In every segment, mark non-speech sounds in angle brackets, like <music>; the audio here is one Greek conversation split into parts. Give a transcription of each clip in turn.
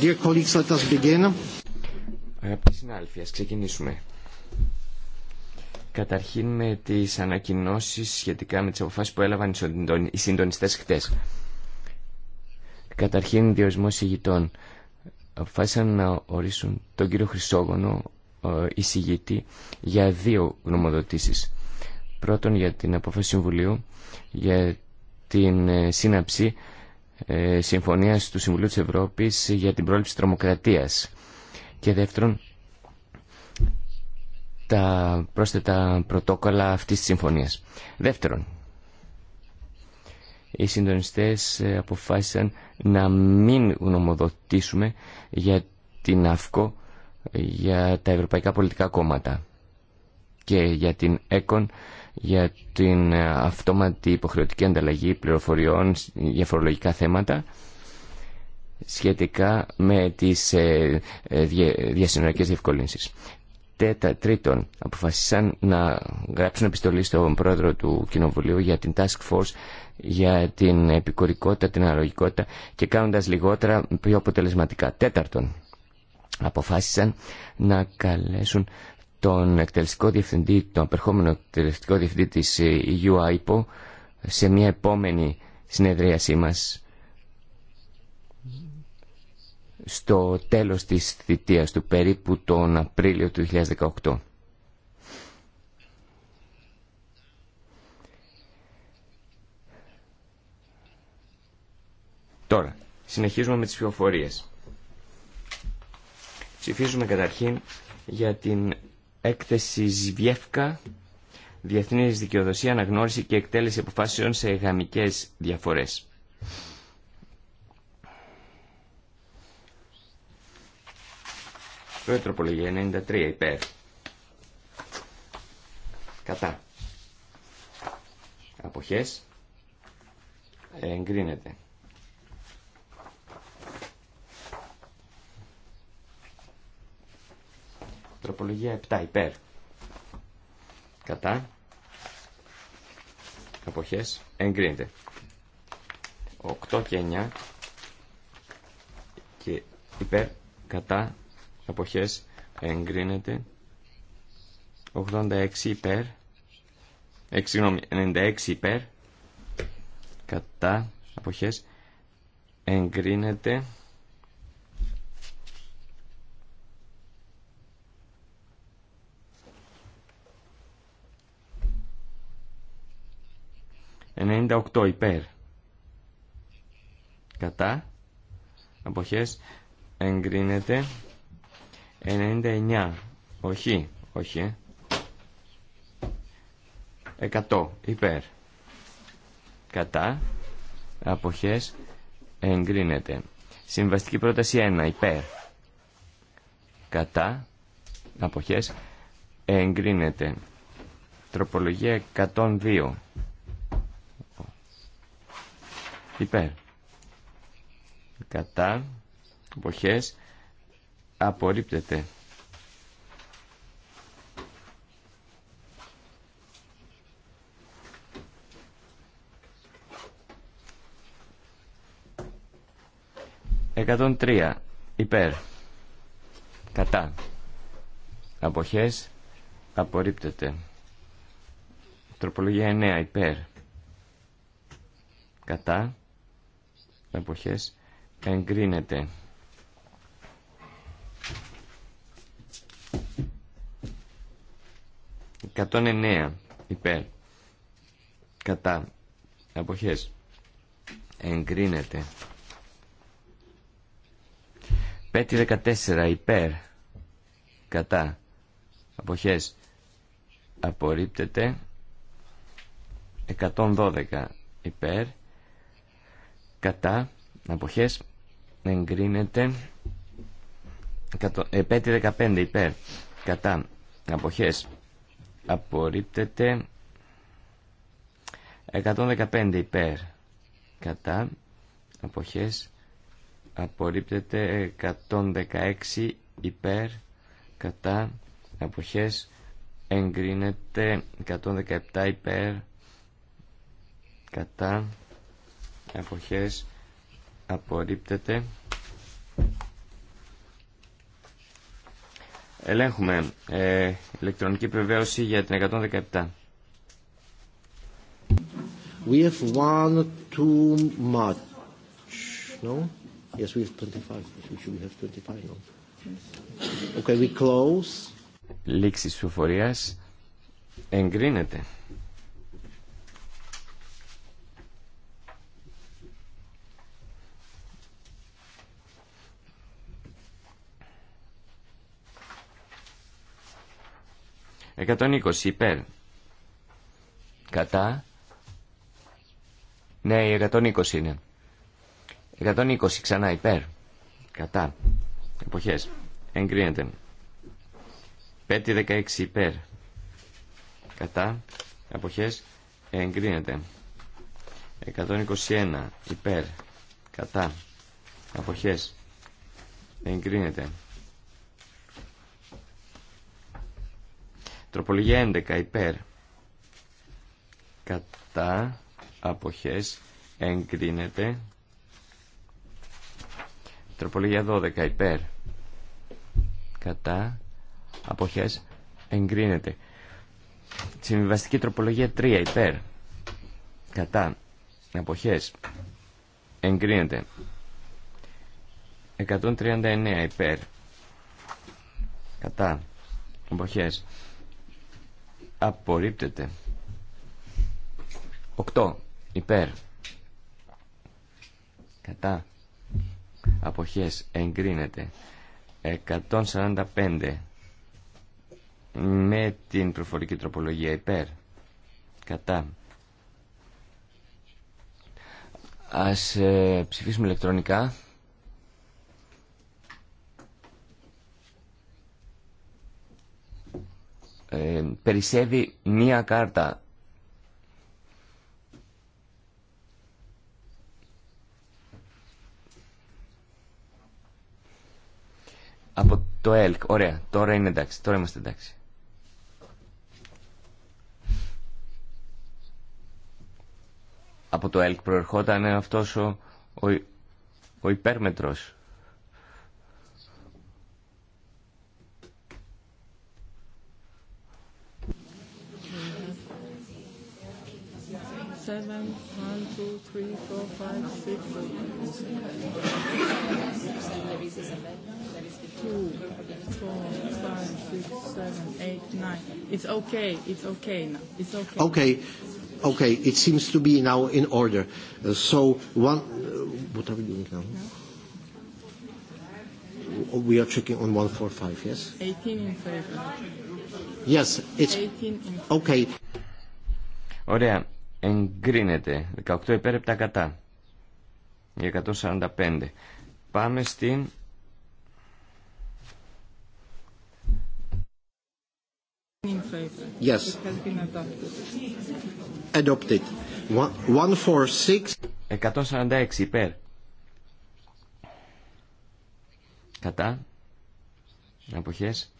Dear colleagues, let us begin. Αγαπητοί συνάδελφοι, ας ξεκινήσουμε. Καταρχήν με τις ανακοινώσεις σχετικά με τις αποφάσεις που έλαβαν οι συντονιστές χτες. Καταρχήν διορισμός ηγητών. Αποφάσισαν να ορίσουν τον κύριο η εισηγητή για δύο γνωμοδοτήσεις. Πρώτον για την αποφάση Συμβουλίου για την ε, σύναψη ε, συμφωνίας του Συμβουλίου της Ευρώπης για την πρόληψη τρομοκρατίας. Και δεύτερον, τα πρόσθετα πρωτόκολλα αυτής της συμφωνίας. Δεύτερον, οι συντονιστές ε, αποφάσισαν να μην γνωμοδοτήσουμε για την ΑΦΚΟ για τα ευρωπαϊκά πολιτικά κόμματα και για την ΕΚΟΝ για την ε, αυτόματη υποχρεωτική ανταλλαγή πληροφοριών για φορολογικά θέματα σχετικά με τις ε, ε, διασυνορικές διευκολύνσεις. Τέτα, τρίτον, αποφασίσαν να γράψουν επιστολή στον πρόεδρο του Κοινοβουλίου για την Task Force για την επικορικότητα, την αναλογικότητα και κάνοντας λιγότερα πιο αποτελεσματικά. Τέταρτον, αποφάσισαν να καλέσουν τον εκτελεστικό διευθυντή, τον απερχόμενο εκτελεστικό διευθυντή της EU ε, σε μια επόμενη συνεδρίασή μας στο τέλος της θητείας του, περίπου τον Απρίλιο του 2018. Τώρα, συνεχίζουμε με τις πληροφορίε. Ψηφίζουμε καταρχήν για την Έκθεση Βιέφκα, Διεθνή Δικαιοδοσία, Αναγνώριση και Εκτέλεση Αποφάσεων σε γαμικέ Διαφορές. Πρώτη 93 υπέρ. Κατά. Αποχές. Εγκρίνεται. Τροπολογία 7 υπέρ. Κατά. Αποχές εγκρίνεται. 8 και 9 και υπέρ. Κατά. Αποχές εγκρίνεται. 86 υπέρ. 6, ε, 96 υπέρ. Κατά. Αποχές εγκρίνεται. 98 υπέρ. Κατά. Αποχές εγκρίνεται. 99. Όχι. Όχι. 100 ε. υπέρ. Κατά. Αποχές εγκρίνεται. Συμβαστική πρόταση 1 υπέρ. Κατά. Αποχές εγκρίνεται. Τροπολογία 102 υπέρ κατά εποχές απορρίπτεται Εκατόν τρία υπέρ κατά αποχές απορρίπτεται τροπολογία 9 υπέρ κατά εποχές εγκρίνεται. 109 υπέρ κατά εποχές εγκρίνεται. Πέτη υπέρ κατά αποχές απορρίπτεται 112 υπέρ κατά αποχές εγκρίνεται 515 ε, υπέρ κατά αποχές απορρίπτεται 115 υπέρ κατά αποχές απορρίπτεται 116 υπέρ κατά αποχές εγκρίνεται 117 υπέρ κατά αποχές απορρίπτεται ελέγχουμε ε, ηλεκτρονική επιβεβαίωση για την 117 We have one too much, no? Yes, we have 25. We should have 25, no? Okay, we close. Λήξη ψηφοφορίας εγκρίνεται. 120 υπέρ. Κατά. Ναι, 120 είναι. 120 ξανά υπέρ. Κατά. Εποχές. Εγκρίνεται. 5-16 υπέρ. Κατά. Εποχές. Εγκρίνεται. 121 υπέρ. Κατά. εποχέ. Εγκρίνεται. Τροπολογία 11 υπέρ κατά αποχές εγκρίνεται. Τροπολογία 12 υπέρ κατά αποχές εγκρίνεται. Συμβιβαστική τροπολογία 3 υπέρ κατά αποχές εγκρίνεται. 139 υπέρ κατά αποχές Απορρίπτεται. 8. Υπέρ. Κατά. Αποχές. Εγκρίνεται. 145. Με την προφορική τροπολογία υπέρ. Κατά. Ας ε, ψηφίσουμε ηλεκτρονικά. ε, περισσεύει μία κάρτα. Από το ΕΛΚ. Ωραία. Τώρα είναι εντάξει. Τώρα είμαστε εντάξει. Από το ΕΛΚ προερχόταν αυτός ο, ο, ο υπέρμετρος. seven, one, two, three, four, five, six. It's okay. It's okay now. It's okay. Okay. Okay, it seems to be now in order. so one, what are we doing now? We are checking on 145, yes? 18 in favor. Yes, it's... 18 in Okay εγκρίνεται 18 υπέρ 7 κατά 145 πάμε στην Yes. Adopted. 146. 146 υπέρ. Κατά. Αποχές.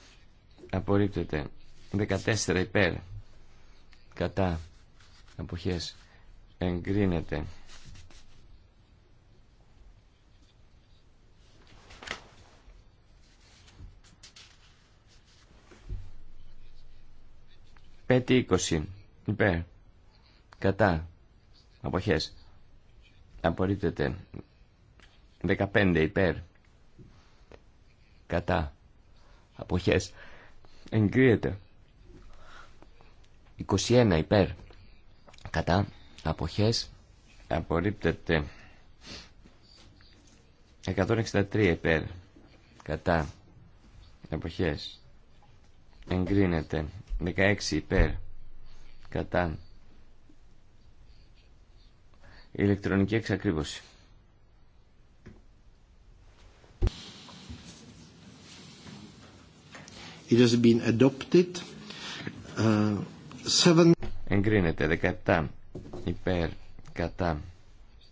Απορρίπτεται. 14 υπέρ. Κατά. Αποχές. Εγκρίνεται. Πέτη 20. Υπέρ. Κατά. Αποχές. Απορρίπτεται. 15. Υπέρ. Κατά. Αποχές. Εγκρίνεται. 21. Υπέρ. Κατά. Αποχές. Απορρίπτεται. 163 υπέρ. Κατά. Αποχές. Εγκρίνεται. 16 υπέρ. Κατά. Ηλεκτρονική εξακρίβωση. It has been adopted. Uh, seven εγκρίνεται 17 υπέρ κατά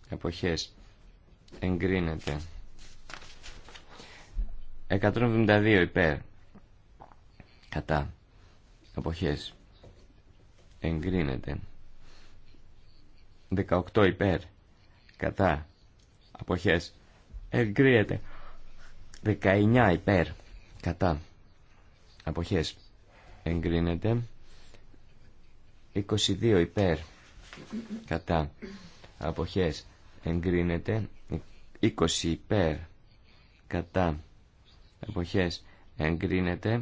εποχές εγκρίνεται 172 υπέρ κατά εποχές εγκρίνεται 18 υπέρ κατά αποχές εγκρίνεται 19 υπέρ κατά αποχές εγκρίνεται 22 υπέρ κατά αποχές εγκρίνεται 20 υπέρ κατά αποχές εγκρίνεται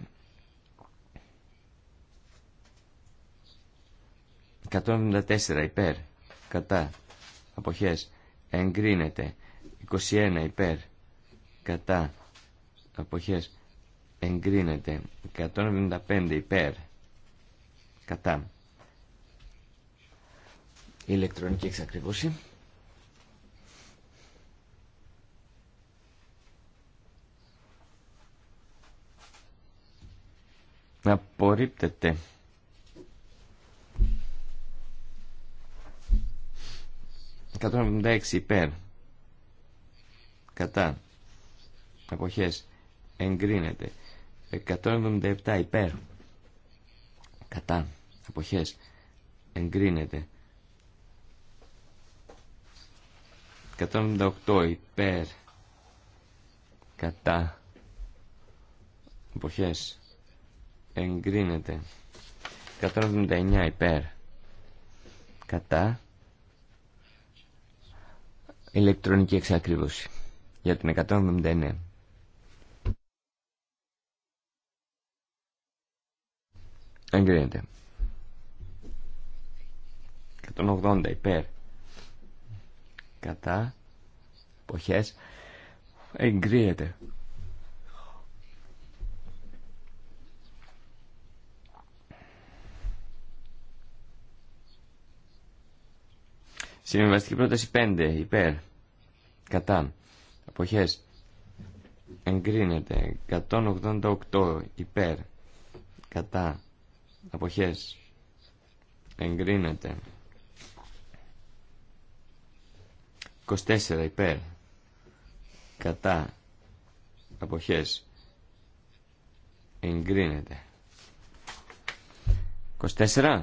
174 υπέρ κατά αποχές εγκρίνεται 21 υπέρ κατά αποχές εγκρίνεται 175 υπέρ κατά ηλεκτρονική εξακρίβωση. Απορρίπτεται. Εκατόν υπέρ. Κατά. Αποχές. Εγκρίνεται. 177 υπέρ. Κατά. Αποχές. Εγκρίνεται. 178 υπέρ κατά εποχές εγκρίνεται 179 υπέρ κατά ηλεκτρονική εξακρίβωση για την 179 εγκρίνεται 180 υπέρ κατά εποχές εγκρίνεται. Συμβιβαστική πρόταση 5 υπέρ κατά αποχές εγκρίνεται 188 υπέρ κατά αποχές εγκρίνεται 24 υπέρ κατά αποχές εγκρίνεται 24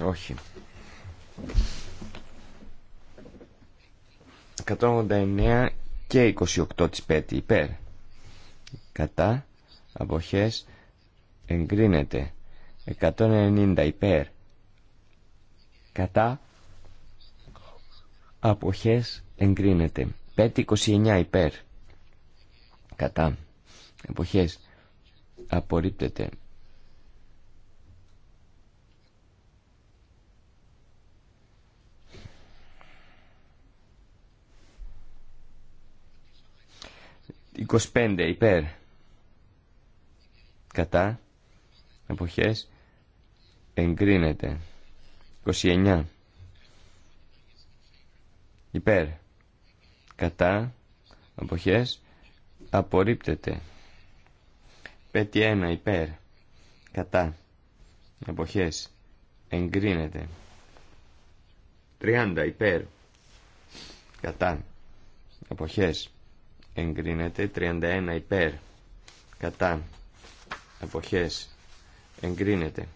όχι 189 και 28 της πέτη υπέρ κατά αποχές εγκρίνεται 190 υπέρ κατά αποχές εγκρίνεται 529 υπέρ κατά εποχές απορρίπτεται 25 υπέρ κατά εποχές εγκρίνεται 29 υπέρ κατά εποχές απορρίπτεται 51 υπέρ κατά εποχές εγκρίνεται 30 υπέρ κατά εποχές εγκρίνεται 31 υπέρ κατά εποχές εγκρίνεται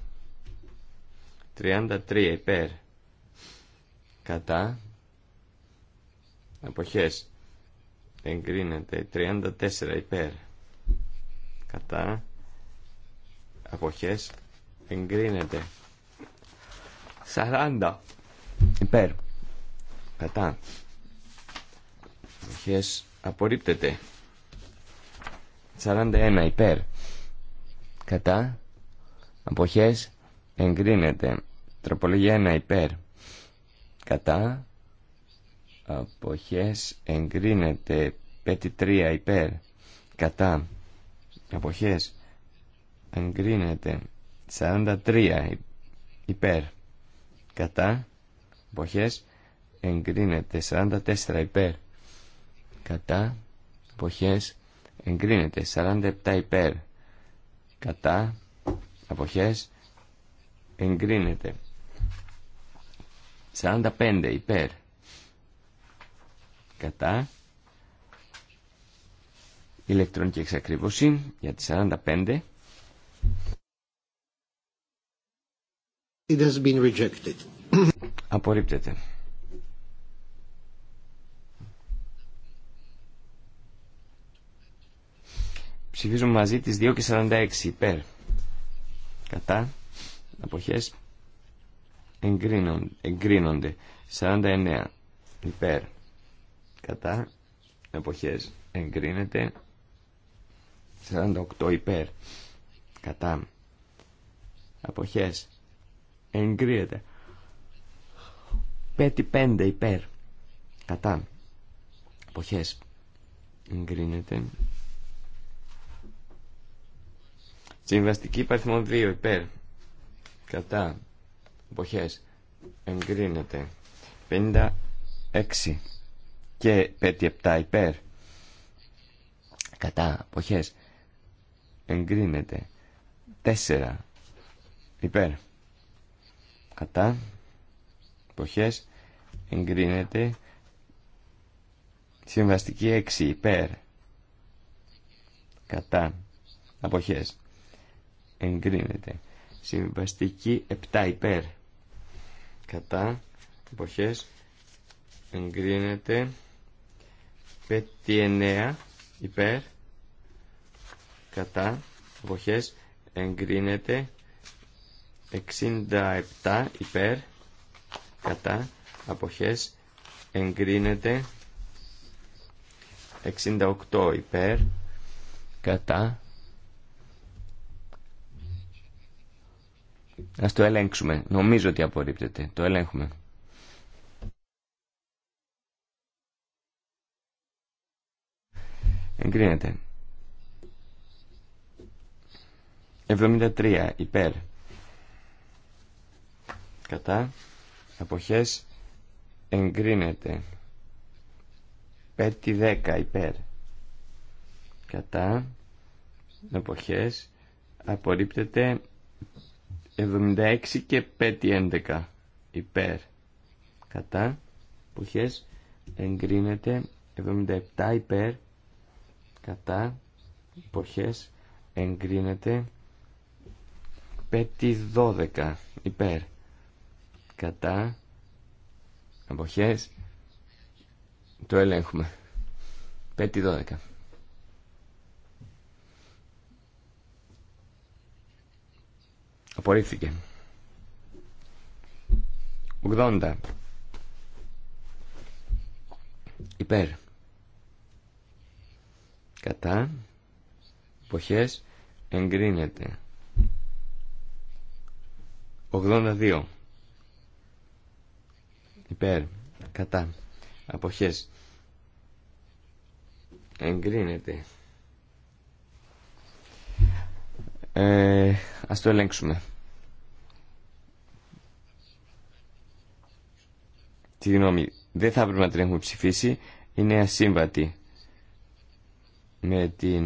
33 υπέρ κατά αποχές εγκρίνεται 34 υπέρ κατά αποχές εγκρίνεται 40 υπέρ κατά αποχές απορρίπτεται 41 υπέρ κατά Αποχές εγκρίνεται. Τροπολογία 1 υπέρ. Κατά. Αποχές εγκρίνεται. 53 υπέρ. Κατά. Αποχές εγκρίνεται. 43 υπέρ. Κατά. Αποχές εγκρίνεται. 44 υπέρ. Κατά. Αποχές εγκρίνεται. 47 υπέρ. Κατά αποχές εγκρίνεται 45 υπέρ κατά ηλεκτρονική εξακρίβωση για τις 45 It has been rejected. Απορρίπτεται. Ψηφίζουμε μαζί τις 2 και 46 υπέρ κατά αποχές εγκρίνονται 49 υπέρ κατά αποχές εγκρίνεται 48 υπέρ κατά αποχές εγκρίνεται 5 υπέρ κατά αποχές εγκρίνεται Συμβαστική παριθμό 2 υπέρ. Κατά. Εποχές. Εγκρίνεται. 56 και 57 υπέρ. Κατά. Εποχές. Εγκρίνεται. 4 υπέρ. Κατά. Εποχές. Εγκρίνεται. Συμβαστική 6 υπέρ. Κατά. Αποχές εγκρίνεται. Συμβαστική 7 υπέρ. Κατά εποχέ, εγκρίνεται. 59 υπέρ. Κατά εποχέ, εγκρίνεται. 67 υπέρ. Κατά εποχέ εγκρίνεται. 68 υπέρ. Κατά Ας το ελέγξουμε. Νομίζω ότι απορρίπτεται. Το ελέγχουμε. Εγκρίνεται. 73 υπέρ. Κατά. Αποχές. Εγκρίνεται. 5 10 υπέρ. Κατά. Αποχές. Απορρίπτεται. 76 και 11 υπέρ κατά εποχές εγκρίνεται 77 υπέρ κατά εποχές εγκρίνεται 12 υπέρ κατά εποχές το ελέγχουμε 12. Απορρίφθηκε. 80. Υπέρ. Κατά. Εποχές. Εγκρίνεται. 82. Υπέρ. Κατά. Αποχές. Εγκρίνεται. Ε, ας το ελέγξουμε. τη γνώμη δεν θα έπρεπε να την έχουμε ψηφίσει, είναι ασύμβατη με την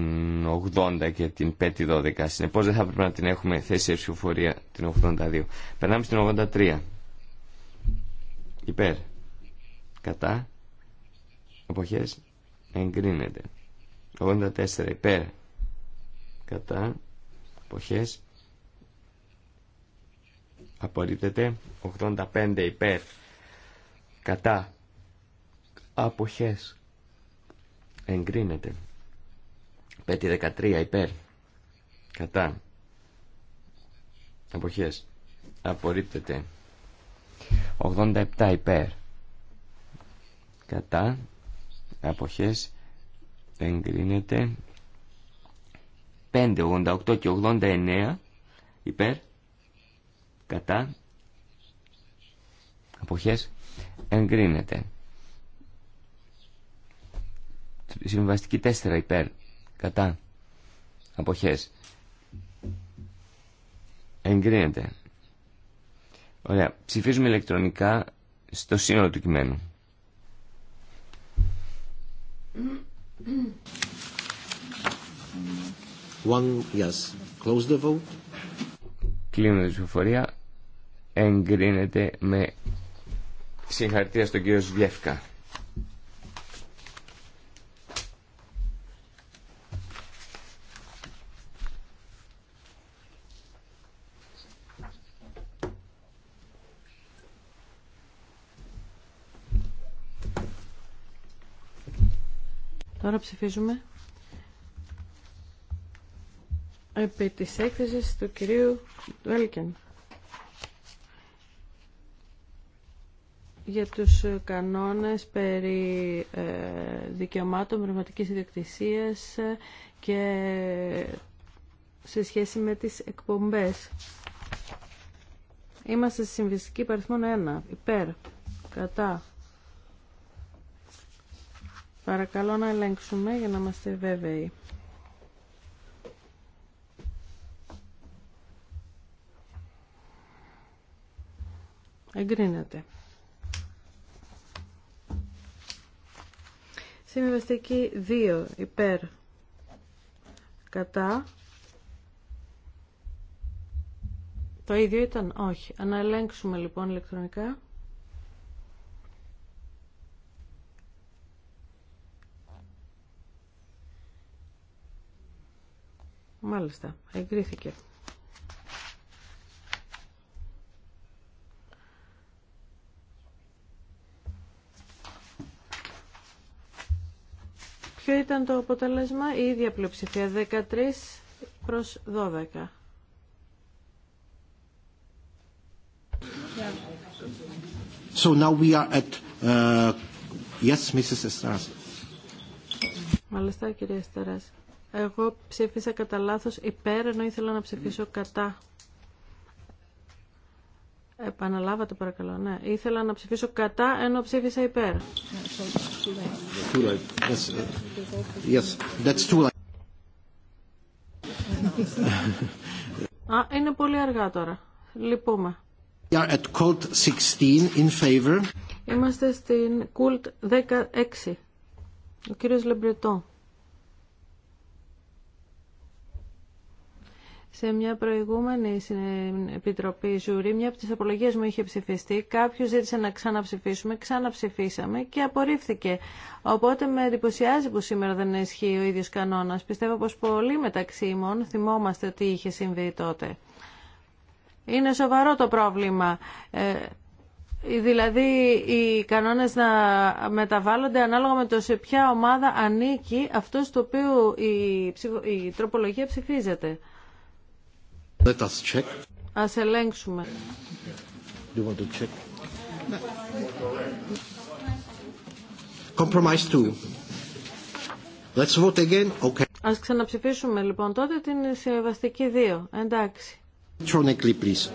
80 και την 5 12. Συνεπώς δεν θα έπρεπε να την έχουμε θέσει σε ψηφοφορία την 82. Περνάμε στην 83. Υπέρ. Κατά. Εποχές. Εγκρίνεται. 84. Υπέρ. Κατά. Εποχές. Απορρίπτεται. 85. Υπέρ κατά αποχές εγκρίνεται 5-13 υπέρ κατά αποχές απορρίπτεται 87 υπέρ κατά αποχές εγκρίνεται 5, 88 και 89 υπέρ κατά αποχές εγκρίνεται συμβαστική τέσσερα υπέρ κατά αποχές εγκρίνεται Ωραία. Ψηφίζουμε ηλεκτρονικά στο σύνολο του κειμένου. One, yes. Close the vote. Κλείνω τη ψηφοφορία. Εγκρίνεται με Συγχαρητήρια στον κύριο Σβιεύκα. Τώρα ψηφίζουμε επί της έκθεσης του κυρίου Βέλκεν. για τους ε, κανόνες περί ε, δικαιωμάτων πνευματικής ιδιοκτησίας ε, και σε σχέση με τις εκπομπές. Είμαστε στη συμβιστική παριθμόν 1. Υπέρ. Κατά. Παρακαλώ να ελέγξουμε για να είμαστε βέβαιοι. Εγκρίνεται. Συμβιβαστική 2 υπέρ κατά. Το ίδιο ήταν, όχι. Αναλέγξουμε λοιπόν ηλεκτρονικά. Μάλιστα, εγκρίθηκε. Ποιο ήταν το αποτέλεσμα, η ίδια πλειοψηφία, 13 προς 12. So now we are at, uh, yes, Mrs. Μάλιστα, κυρία Στεράς. Εγώ ψήφισα κατά λάθο υπέρ, ενώ ήθελα να ψηφίσω κατά. Επαναλάβατε παρακαλώ, ναι. Ήθελα να ψηφίσω κατά ενώ ψήφισα υπέρ. Α, είναι πολύ αργά τώρα. Λυπούμε. in Είμαστε στην Κουλτ 16. Ο κύριος Λεμπρετό. σε μια προηγούμενη επιτροπή ζουρή, μια από τις απολογίες μου είχε ψηφιστεί, κάποιος ζήτησε να ξαναψηφίσουμε, ξαναψηφίσαμε και απορρίφθηκε. Οπότε με εντυπωσιάζει που σήμερα δεν ισχύει ο ίδιος κανόνας. Πιστεύω πως πολλοί μεταξύ ημών θυμόμαστε τι είχε συμβεί τότε. Είναι σοβαρό το πρόβλημα. Ε, δηλαδή οι κανόνες να μεταβάλλονται ανάλογα με το σε ποια ομάδα ανήκει αυτός το οποίο η, η τροπολογία ψηφίζεται. Let us check. Ας ελέγξουμε. Do You want to check? Compromise two. Let's vote again. Okay. Ας ξαναψηφίσουμε λοιπόν τότε την συμβαστική 2. Εντάξει. Electronically, please.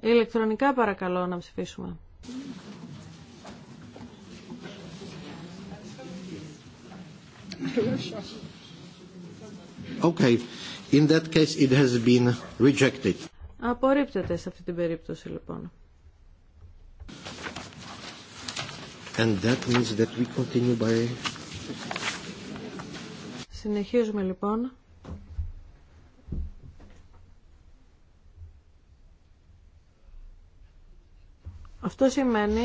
Ηλεκτρονικά παρακαλώ να ψηφίσουμε. Okay. In that case it has been rejected. Απορρίπτεται σε αυτή την περίπτωση λοιπόν. And that means that we continue by... Συνεχίζουμε λοιπόν. Αυτό σημαίνει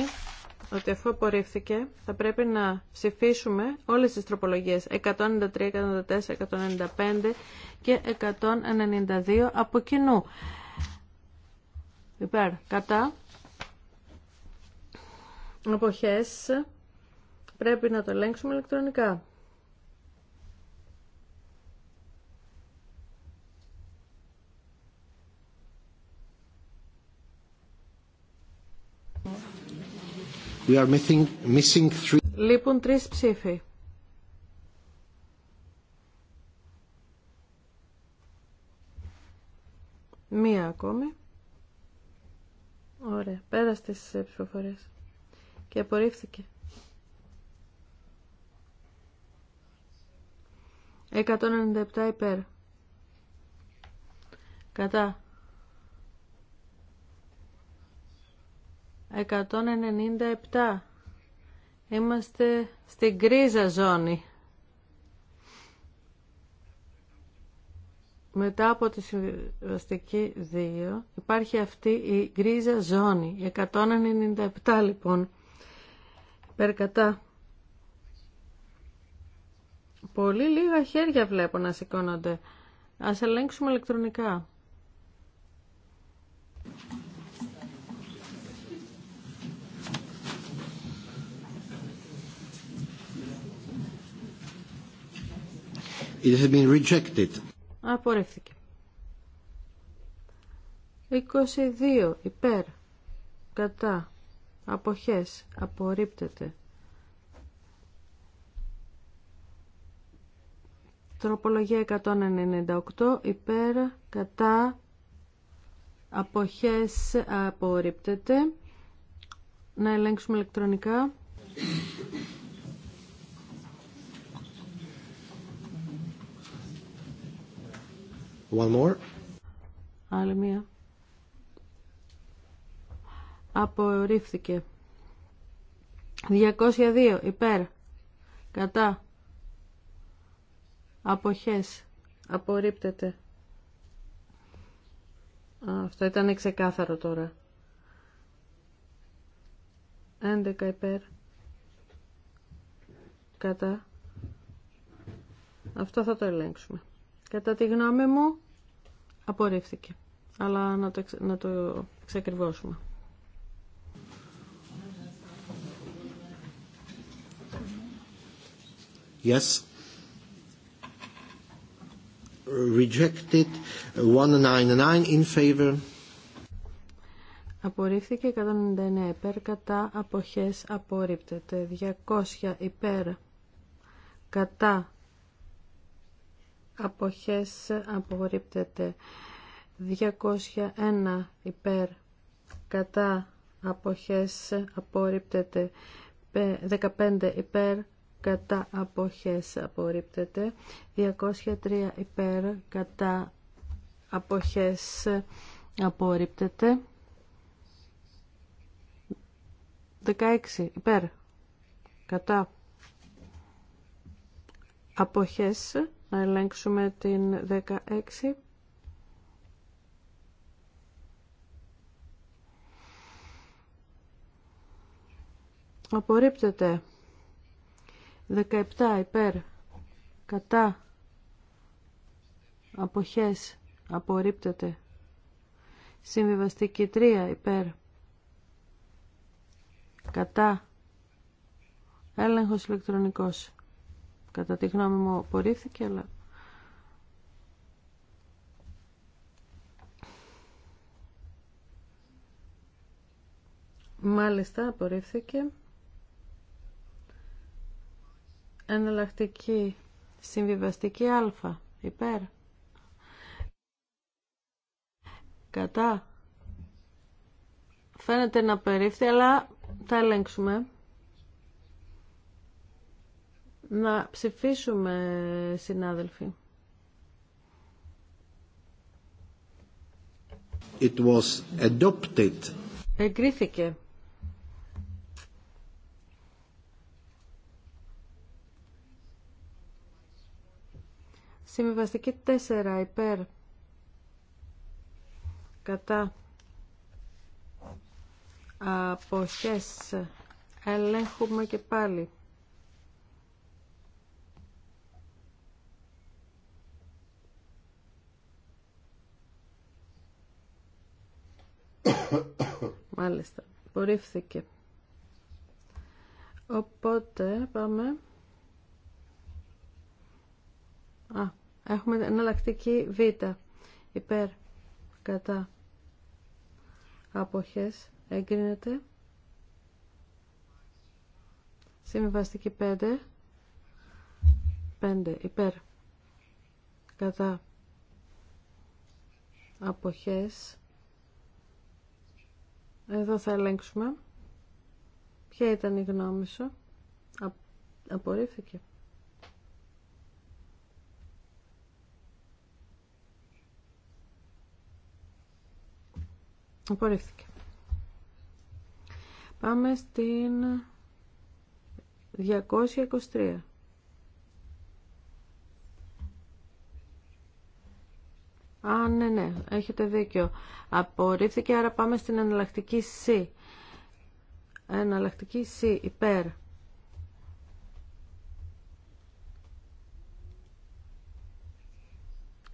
ότι αφού απορρίφθηκε θα πρέπει να ψηφίσουμε όλες τις τροπολογίες 193, 194, 195 και 192 από κοινού. Υπέρ, κατά, αποχές, πρέπει να το ελέγξουμε ηλεκτρονικά. Λείπουν τρεις ψήφοι. Μία ακόμη. Ωραία. Πέρασε τις ε, ψηφοφορίες. Και απορρίφθηκε. 197 υπέρ. Κατά. 197. Είμαστε στην γκρίζα ζώνη. Μετά από τη συμβιβαστική 2 υπάρχει αυτή η γκρίζα ζώνη. 197 λοιπόν. Περκατά. Πολύ λίγα χέρια βλέπω να σηκώνονται. Ας ελέγξουμε ηλεκτρονικά. It has been rejected. Απορρίφθηκε. 22 υπέρ. Κατά. Αποχές. Απορρίπτεται. Τροπολογία 198 υπέρ. Κατά. Αποχές. Απορρίπτεται. Να ελέγξουμε ηλεκτρονικά. One more. Άλλη μία. Απορρίφθηκε. 202 υπέρ. Κατά. Αποχές. Απορρίπτεται. Αυτό ήταν ξεκάθαρο τώρα. 11 υπέρ. Κατά. Αυτό θα το ελέγξουμε. Κατά τη γνώμη μου, απορρίφθηκε. Αλλά να το, να το εξακριβώσουμε. Yes. Rejected 199 in favor. Απορρίφθηκε 199 υπέρ κατά αποχές απορρίπτεται. 200 υπέρ κατά αποχές απορρίπτεται 201 υπέρ κατά αποχές απορρίπτεται 15 υπέρ κατά αποχές απορρίπτεται 203 υπέρ κατά αποχές απορρίπτεται 16 υπέρ κατά αποχές να ελέγξουμε την 16. Απορρίπτεται. 17 υπέρ. Κατά. Αποχές. Απορρίπτεται. Συμβιβαστική 3 υπέρ. Κατά. Έλεγχος ηλεκτρονικός. Κατά τη γνώμη μου απορρίφθηκε, αλλά... Μάλιστα, απορρίφθηκε. Εναλλακτική συμβιβαστική α, υπέρ. Κατά. Φαίνεται να περίφθη, αλλά θα ελέγξουμε να ψηφίσουμε, συνάδελφοι. It was adopted. Εγκρίθηκε. Συμβιβαστική 4 υπέρ. Κατά. Αποχές. Ελέγχουμε και πάλι. Μάλιστα. πορύφθηκε. Οπότε πάμε. Α, έχουμε εναλλακτική Β. Υπέρ. Κατά. Αποχές. Εγκρίνεται. Συμβιβαστική 5. 5. Υπέρ. Κατά. Αποχές. Εδώ θα ελέγξουμε. Ποια ήταν η γνώμη σου. Απορρίφθηκε. Απορρίφθηκε. Πάμε στην 223. Α, ναι, ναι, έχετε δίκιο. Απορρίφθηκε, άρα πάμε στην εναλλακτική C. Εναλλακτική C, υπέρ.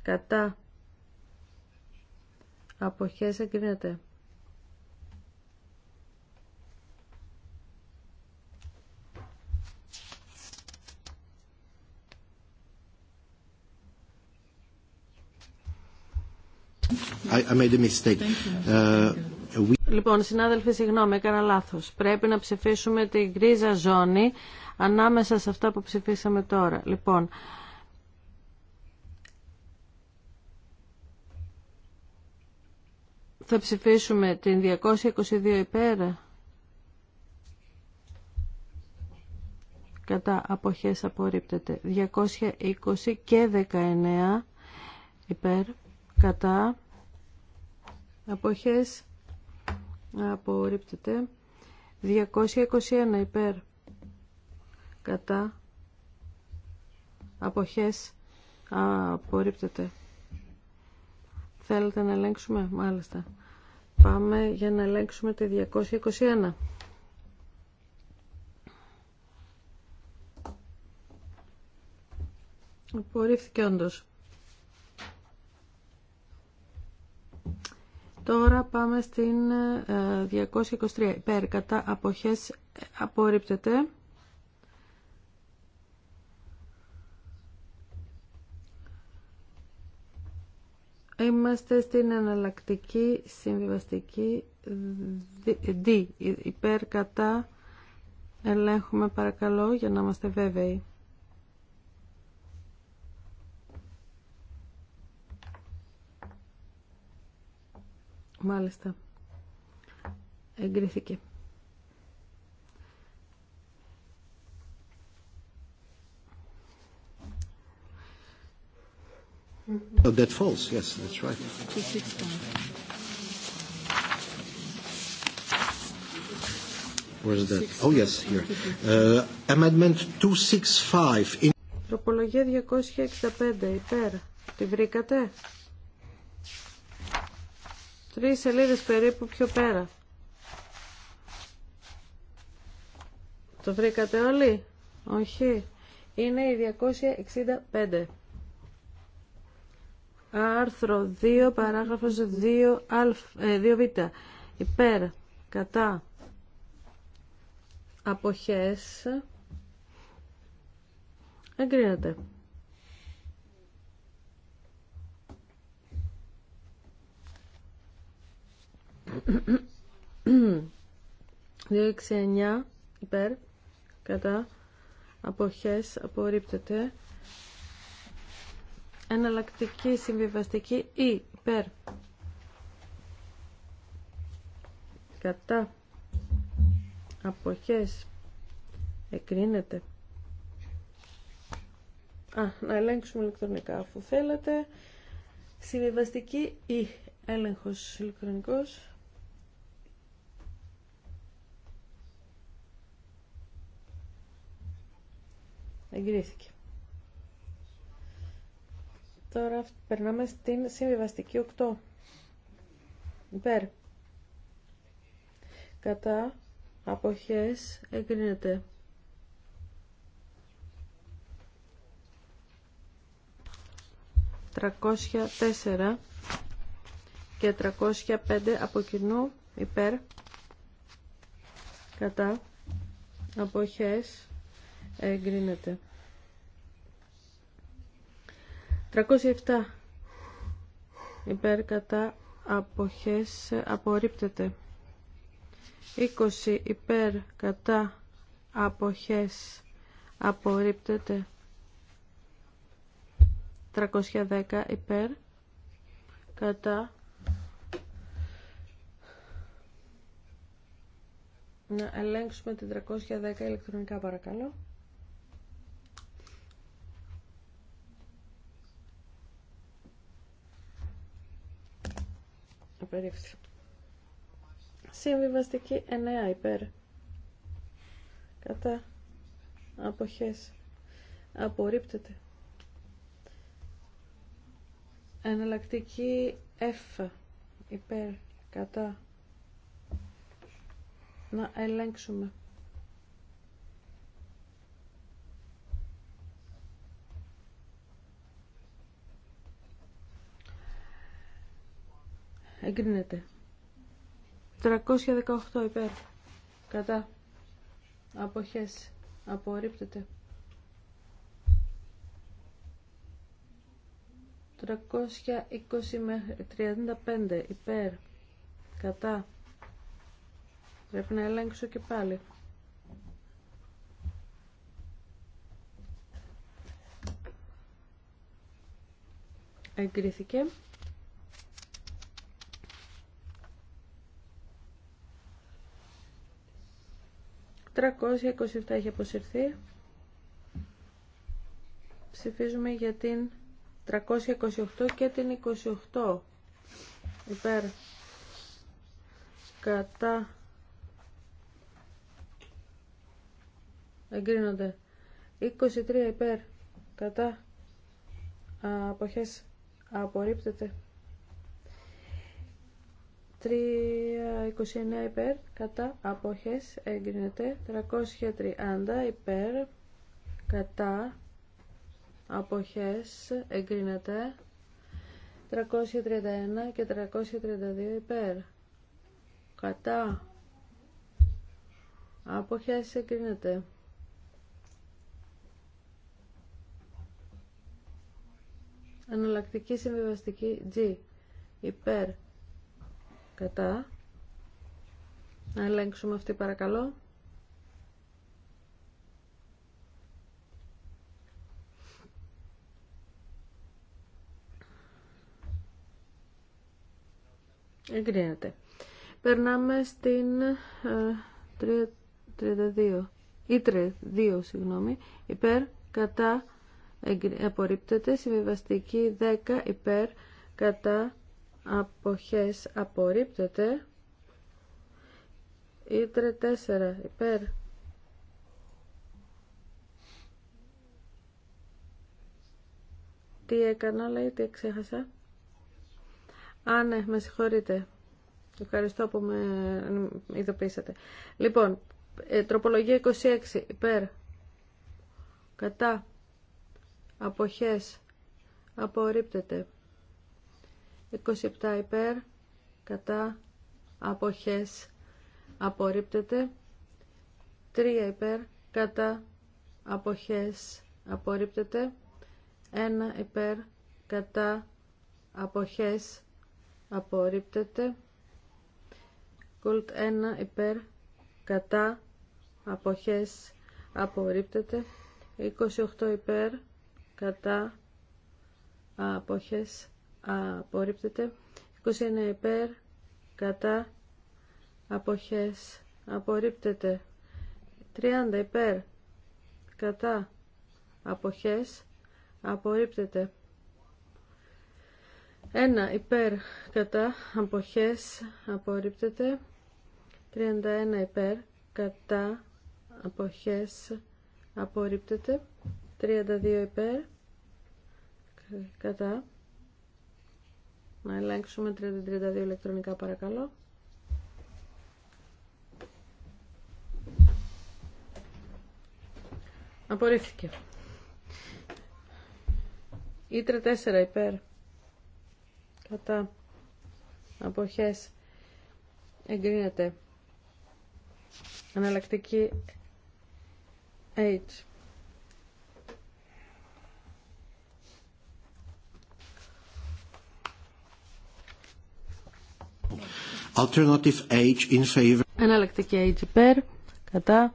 Κατά. Αποχές εγκρίνεται. Uh, λοιπόν, συνάδελφοι, συγγνώμη, έκανα λάθο. Πρέπει να ψηφίσουμε την γκρίζα ζώνη ανάμεσα σε αυτά που ψηφίσαμε τώρα. Λοιπόν, θα ψηφίσουμε την 222 υπέρ. Κατά αποχές απορρίπτεται. 220 και 19 υπέρ. Κατά αποχές απορρίπτεται 221 υπέρ κατά αποχές απορρίπτεται θέλετε να ελέγξουμε μάλιστα πάμε για να ελέγξουμε τη 221 Απορρίφθηκε όντως. Τώρα πάμε στην 223. Ε, υπέρκατα αποχές απορρίπτεται. Είμαστε στην εναλλακτική συμβιβαστική D. Υπέρ κατά ελέγχουμε παρακαλώ για να είμαστε βέβαιοι. Μάλιστα. Εγκρίθηκε. Oh, that falls. Yes, that's right. Where is that? Oh, yes, here. Uh, amendment 265. In... Τροπολογία 265. Υπέρ. Τη βρήκατε? Τρεις σελίδες περίπου πιο πέρα. Το βρήκατε όλοι? Όχι. Είναι η 265. Άρθρο 2, παράγραφος 2, α, 2β. Υπέρ, κατά, αποχές, εγκρίνεται. 269 υπέρ κατά αποχές απορρίπτεται εναλλακτική συμβιβαστική ή υπέρ κατά αποχές εκρίνεται Α, να ελέγξουμε ηλεκτρονικά αφού θέλετε συμβιβαστική ή έλεγχος ηλεκτρονικός Εγκρίθηκε. Τώρα περνάμε στην συμβιβαστική 8. Υπέρ. Κατά αποχές εγκρίνεται. 304 και 305 από κοινού υπέρ κατά αποχές εγκρίνεται 307 υπέρ κατά αποχές απορρίπτεται 20 υπέρ κατά αποχές απορρίπτεται 310 υπέρ κατά να ελέγξουμε την 310 ηλεκτρονικά παρακαλώ Απερίφθη. Συμβιβαστική 9 υπέρ. Κατά. Αποχές. Απορρίπτεται. Εναλλακτική F υπέρ. Κατά. Να ελέγξουμε. εγκρίνεται 318 υπέρ κατά αποχές απορρίπτεται 320 μέχρι 35 υπέρ κατά πρέπει να ελέγξω και πάλι εγκρίθηκε 327 έχει αποσυρθεί. Ψηφίζουμε για την 328 και την 28. Υπέρ. Κατά. Εγκρίνονται. 23 υπέρ. Κατά. Αποχές. Απορρίπτεται. 329 υπέρ, κατά, αποχές, εγκρίνεται. 330 υπέρ, κατά, αποχές, εγκρίνεται. 331 και 332 υπέρ, κατά, αποχές, εγκρίνεται. Αναλλακτική συμβιβαστική G. Υπέρ κατά. Να ελέγξουμε αυτή παρακαλώ. Εγκρίνεται. Περνάμε στην 32. Ε, Ήτρε 2, συγγνώμη. Υπέρ, κατά, απορρίπτεται. Συμβιβαστική 10, υπέρ, κατά, αποχές απορρίπτεται ήτρε 4 υπέρ τι έκανα λέει τι ξέχασα α ναι με συγχωρείτε ευχαριστώ που με ειδοποίησατε λοιπόν ε, τροπολογία 26 υπέρ κατά αποχές απορρίπτεται 27 υπέρ κατά αποχές απορρίπτεται 3 υπέρ κατά αποχές απορρίπτεται 1 υπέρ κατά αποχές απορρίπτεται κουλτ 1 υπέρ κατά αποχές απορρίπτεται 28 υπέρ κατά αποχές απορρίπτεται 21 υπέρ κατά αποχές απορρίπτεται 30 υπέρ κατά αποχές απορρίπτεται 1 υπέρ κατά αποχές απορρίπτεται 31 υπέρ κατά αποχές απορρίπτεται 32 υπέρ κατά να ελεγξουμε 30-32 ηλεκτρονικά παρακαλώ. Απορρίφθηκε. Ήτρε 4 υπέρ. Κατά. Αποχές. Εγκρίνεται. Αναλλακτική H. Alternative H in favor. Εναλλακτική H υπέρ. Κατά.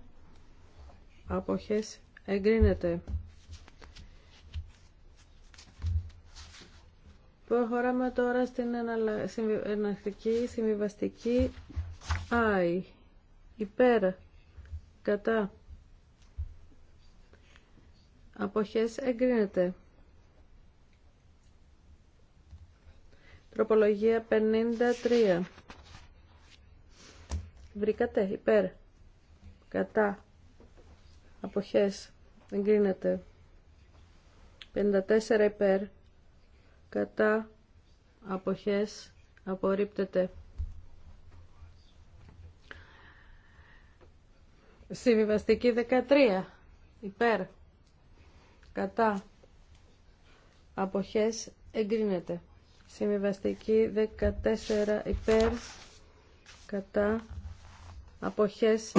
Αποχές. Εγκρίνεται. Προχωράμε τώρα στην εναλλακτική συμβιβαστική I. Υπέρ. Κατά. Αποχές εγκρίνεται. Τροπολογία 53 βρήκατε υπέρ κατά αποχές εγκρίνεται 54 υπέρ κατά αποχές απορρίπτεται Συμβιβαστική 13 υπέρ κατά αποχές εγκρίνεται Συμβιβαστική 14 υπέρ κατά αποχές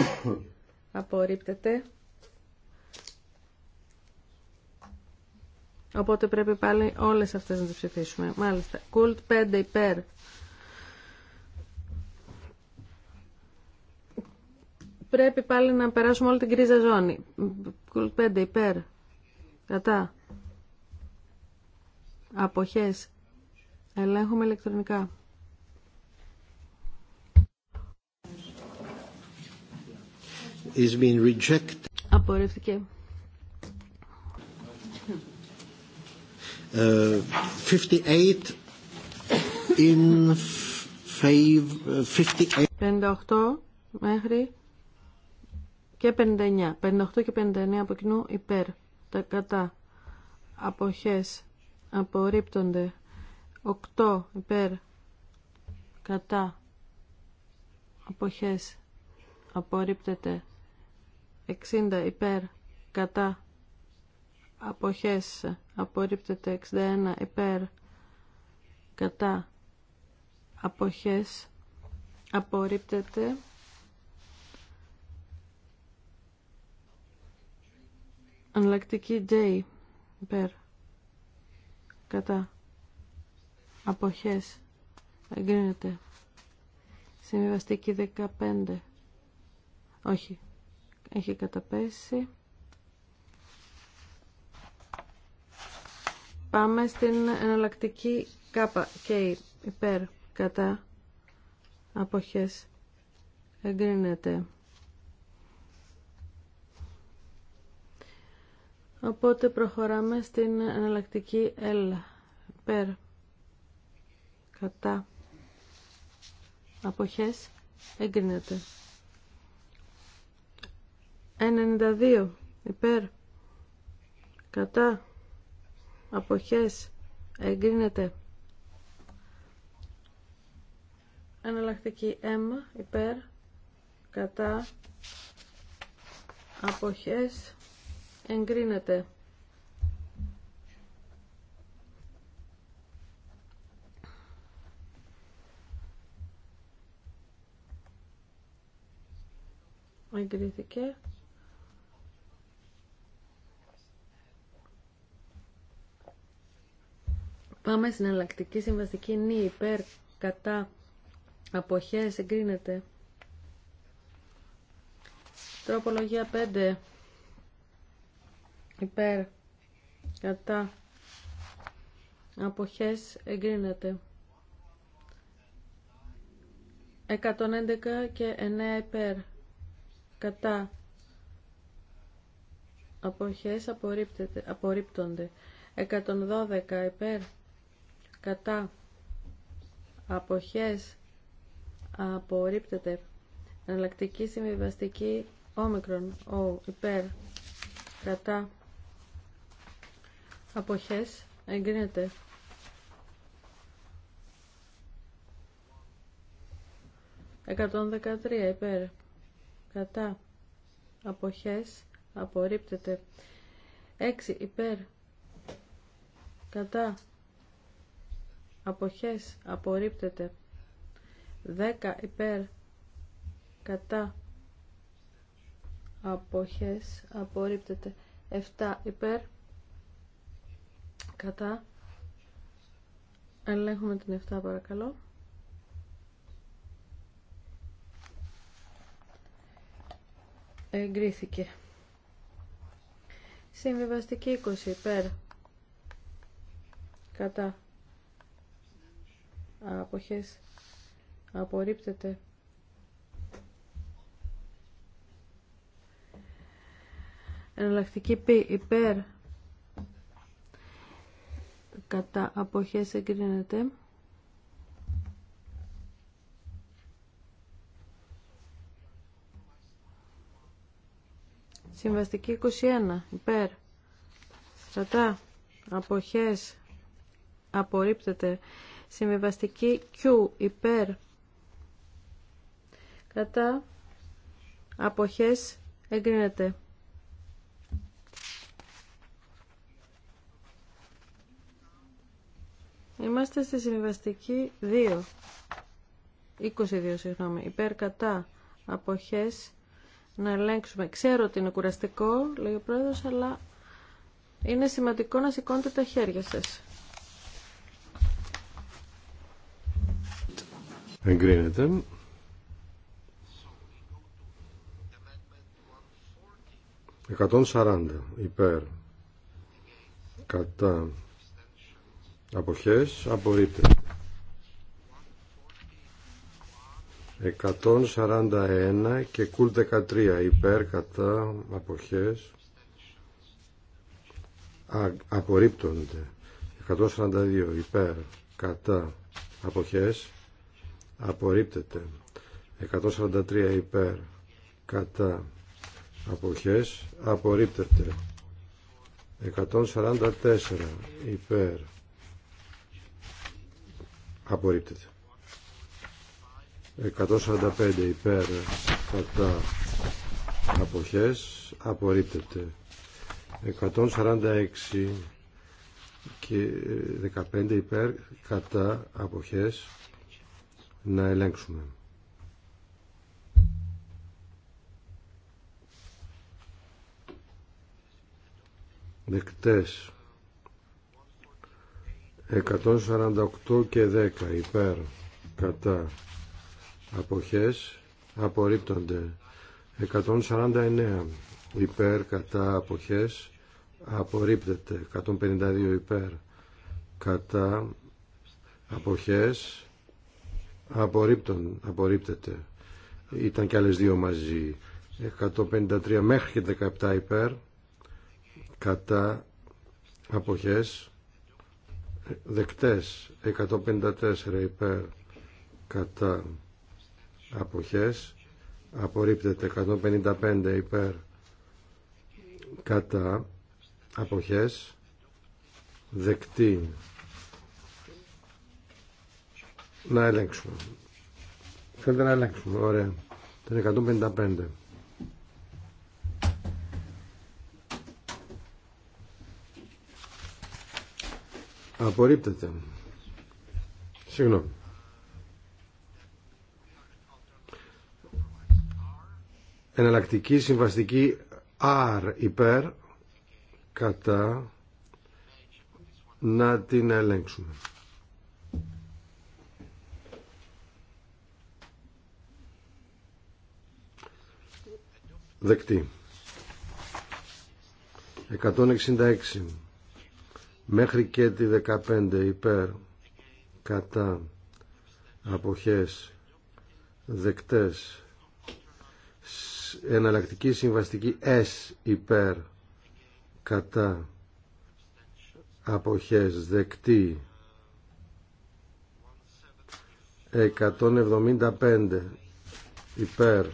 <coughs> απορρίπτεται. Οπότε πρέπει πάλι όλες αυτές να τις ψηφίσουμε. Μάλιστα. Κουλτ 5 υπέρ. Πρέπει πάλι να περάσουμε όλη την κρίζα ζώνη. Κουλτ 5 υπέρ. Κατά. Αποχές. Ελέγχουμε ηλεκτρονικά. is being rejected. Απορρίφθηκε. 58 ε, in favor, 58 ε, μέχρι και 59. 58 και 59 από κοινού υπέρ. Τα κατά. Αποχές. Απορρίπτονται. 8 υπέρ. Κατά. Αποχές. Απορρίπτεται. 60 υπέρ κατά αποχές απορρίπτεται 61 υπέρ κατά αποχές απορρίπτεται αναλλακτική J υπέρ κατά αποχές εγκρίνεται συμβιβαστική 15 όχι έχει καταπέσει. Πάμε στην εναλλακτική κάπα και υπέρ κατά αποχές εγκρίνεται. Οπότε προχωράμε στην εναλλακτική L υπέρ κατά αποχές εγκρίνεται. 92 υπέρ κατά αποχές εγκρίνεται εναλλακτική M υπέρ κατά αποχές εγκρίνεται εγκρίθηκε Πάμε στην εναλλακτική συμβαστική νη υπέρ κατά απόχέ εγκρίνεται. Τροπολογία 5 υπέρ κατά αποχές εγκρίνεται. 111 και 9 υπέρ κατά αποχές απορρίπτονται. 112 υπέρ κατά αποχές απορρίπτεται εναλλακτική συμβιβαστική όμικρον ο υπέρ κατά αποχές εγκρίνεται 113 υπέρ κατά αποχές απορρίπτεται 6 υπέρ κατά αποχές απορρίπτεται 10 υπέρ κατά αποχές απορρίπτεται 7 υπέρ κατά ελέγχουμε την 7 παρακαλώ εγκρίθηκε συμβιβαστική 20 υπέρ κατά αποχές απορρίπτεται. Εναλλακτική πι υπέρ κατά αποχές εγκρίνεται. Συμβαστική 21 υπέρ κατά αποχές απορρίπτεται. Συμβιβαστική Q υπέρ κατά αποχές εγκρίνεται. Είμαστε στη συμβιβαστική 2. 22, συγγνώμη. Υπέρ κατά αποχές να ελέγξουμε. Ξέρω ότι είναι κουραστικό, λέει ο πρόεδρος, αλλά είναι σημαντικό να σηκώνετε τα χέρια σας. Εγκρίνεται. 140 υπέρ κατά αποχές απορρίπτεται. 141 και κουλ 13 υπέρ κατά αποχές α, απορρίπτονται 142 υπέρ κατά αποχές απορρίπτεται 143 υπέρ κατά αποχές απορρίπτεται 144 υπέρ απορρίπτεται 145 υπέρ κατά αποχές απορρίπτεται 146 και 15 υπέρ κατά αποχές να ελέγξουμε. Δεκτές 148 και 10 υπέρ κατά αποχές απορρίπτονται 149 υπέρ κατά αποχές απορρίπτεται 152 υπέρ κατά αποχές Απορρίπτον, απορρίπτεται. Ήταν και άλλες δύο μαζί. 153 μέχρι και 17 υπέρ. Κατά αποχές. Δεκτές. 154 υπέρ. Κατά αποχές. Απορρίπτεται. 155 υπέρ. Κατά αποχές. Δεκτή. Να ελέγξουμε. Θέλετε να ελέγξουμε. Ωραία. Το 155. Απορρίπτεται. Συγγνώμη. Εναλλακτική συμβαστική R υπέρ κατά να την ελέγξουμε. δεκτή 166 μέχρι και τη 15 υπέρ κατά αποχές δεκτές εναλλακτική συμβαστική S υπέρ κατά αποχές δεκτή 175 υπέρ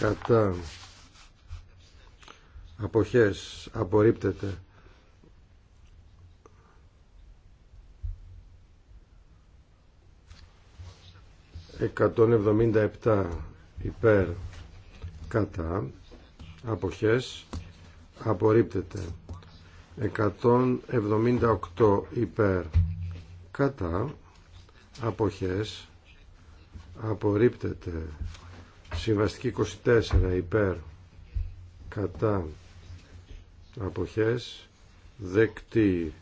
κατά αποχές απορρίπτεται εκατόν εβδομήντα επτά υπέρ κατά αποχές απορρίπτεται 178 υπέρ κατά αποχές απορρίπτεται Συμβαστική 24 υπέρ κατά αποχές δεκτή.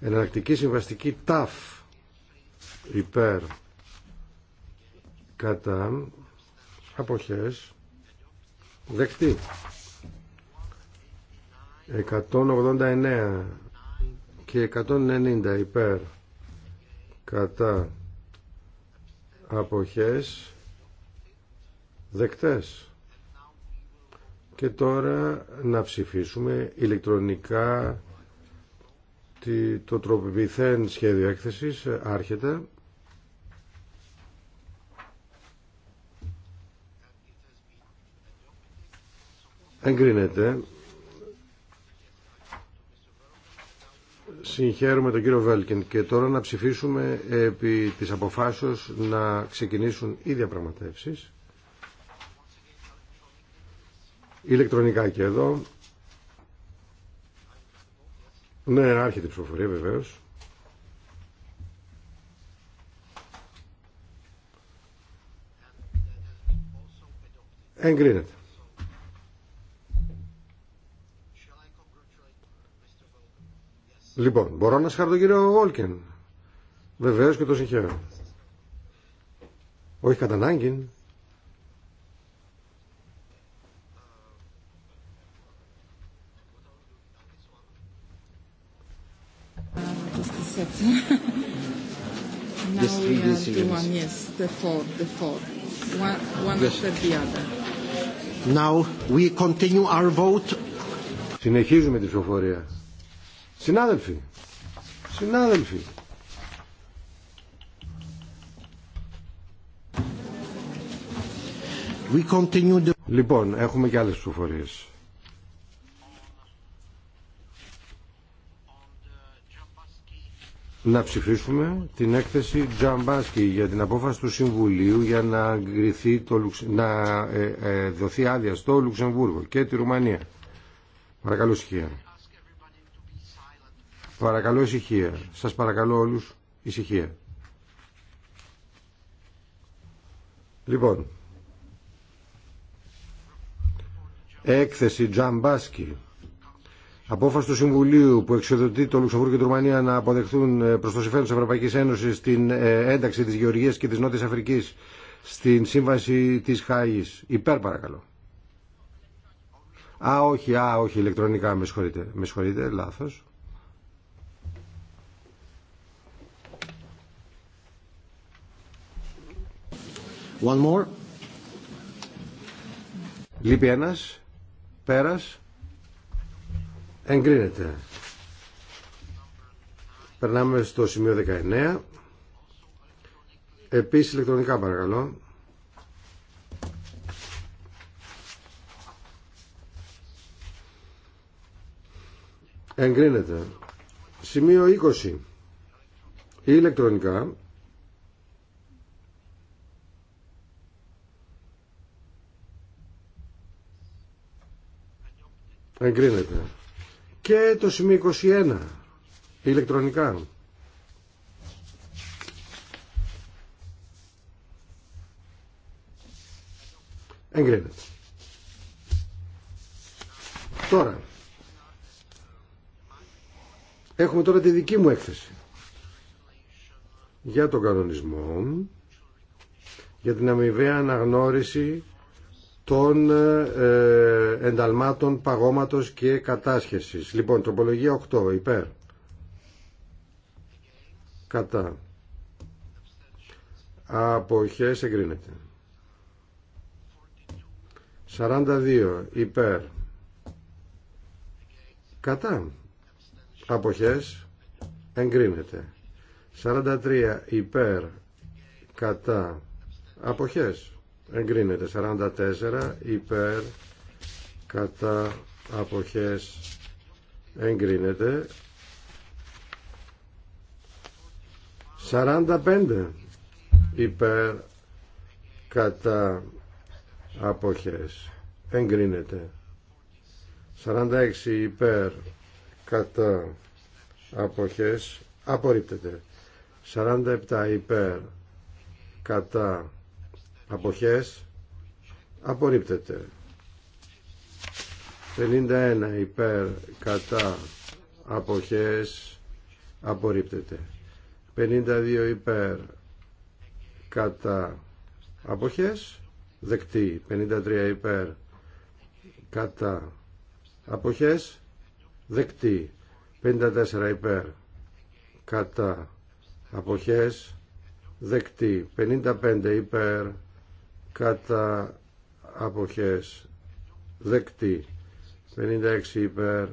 Εναλλακτική συμβαστική ταφ υπέρ κατά αποχές δεκτή. 189 και 190 υπέρ κατά αποχές δεκτές. Και τώρα να ψηφίσουμε ηλεκτρονικά το τροποποιηθέν σχέδιο έκθεσης άρχεται. Εγκρίνεται. Συγχαίρουμε τον κύριο Βέλκιν και τώρα να ψηφίσουμε επί της αποφάσεως να ξεκινήσουν οι διαπραγματεύσεις. ηλεκτρονικά και εδώ. Ναι, άρχεται η ψηφοφορία βεβαίω. Εγκρίνεται. Λοιπόν, μπορώ να συγχαρώ τον κύριο Βόλκεν. Βεβαίω και το συγχαίρω. Όχι κατά ανάγκη. Yes, the four, the four. One, one after the other. Now we continue our vote. Συνεχίζουμε τη ψηφοφορία. Συνάδελφοι, συνάδελφοι. We continue the... Λοιπόν, έχουμε και άλλες ψηφοφορίες. να ψηφίσουμε την έκθεση Τζαμπάσκι για την απόφαση του Συμβουλίου για να, το, να ε, ε, δοθεί άδεια στο Λουξεμβούργο και τη Ρουμανία. Παρακαλώ ησυχία. Παρακαλώ ησυχία. Σας παρακαλώ όλους ησυχία. Λοιπόν, έκθεση Τζαμπάσκι απόφαση του Συμβουλίου που εξοδοτεί το Λουξεμβούργο και τη Ρουμανία να αποδεχθούν ε, προ το συμφέρον τη Ευρωπαϊκή Ένωση την ε, ένταξη τη Γεωργία και τη Νότια Αφρική στην σύμβαση τη Χάη. Υπέρ παρακαλώ. Α, όχι, α, όχι, ηλεκτρονικά, με συγχωρείτε. Με συγχωρείτε, λάθο. One more. Λείπει ένας. Πέρας. Εγκρίνεται. Περνάμε στο σημείο 19. Επίση ηλεκτρονικά παρακαλώ. Εγκρίνεται. Σημείο 20. ηλεκτρονικά. Εγκρίνεται και το σημείο 21 ηλεκτρονικά. Εγκρίνεται. Τώρα, έχουμε τώρα τη δική μου έκθεση για τον κανονισμό, για την αμοιβαία αναγνώριση των ε, ε, ενταλμάτων παγώματος και κατάσχεσης. Λοιπόν, τροπολογία 8, υπέρ. Κατά. Αποχές εγκρίνεται. 42, υπέρ. Κατά. Αποχές εγκρίνεται. 43, υπέρ. Κατά. Αποχές εγκρίνεται 44 υπέρ κατά αποχές εγκρίνεται 45 υπέρ κατά αποχές εγκρίνεται 46 υπέρ κατά αποχές απορρίπτεται 47 υπέρ κατά αποχές απορρίπτεται 51 υπέρ κατά αποχές απορρίπτεται 52 υπέρ κατά αποχές δεκτή 53 υπέρ κατά αποχές δεκτή 54 υπέρ κατά αποχές δεκτή 55 υπέρ κατά αποχές δεκτή 56 υπέρ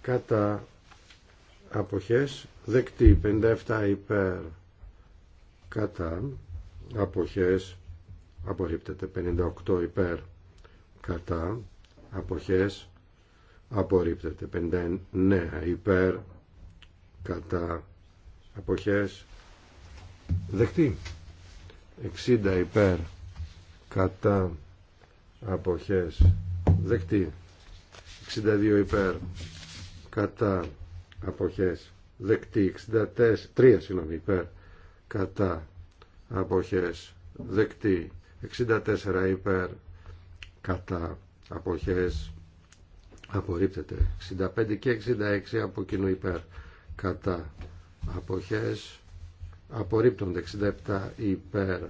κατά αποχές δεκτή 57 υπέρ κατά αποχές απορρίπτεται 58 υπέρ κατά αποχές απορρίπτεται 59 υπέρ κατά αποχές δεκτή 60 υπέρ κατά αποχές δεκτή 62 υπέρ κατά αποχές δεκτή 64 συγγνώμη υπέρ κατά αποχές δεκτή 64 υπέρ κατά αποχές απορρίπτεται 65 και 66 από κοινού υπέρ κατά αποχές απορρίπτονται 67 υπέρ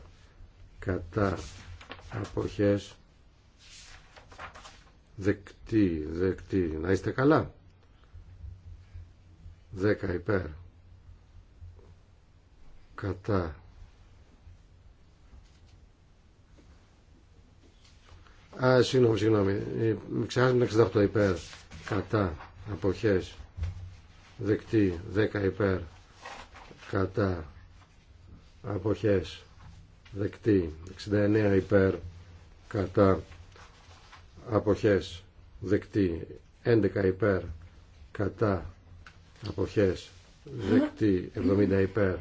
κατά αποχές δεκτή, δεκτή να είστε καλά 10 υπέρ κατά Α, συγγνώμη, συγγνώμη. Ε, ξεχάσαμε τα 68 υπέρ. Κατά. Αποχές. Δεκτή. 10 υπέρ. Κατά. Αποχές δεκτή 69 υπέρ κατά αποχές δεκτή 11 υπέρ κατά αποχές δεκτή 70 υπέρ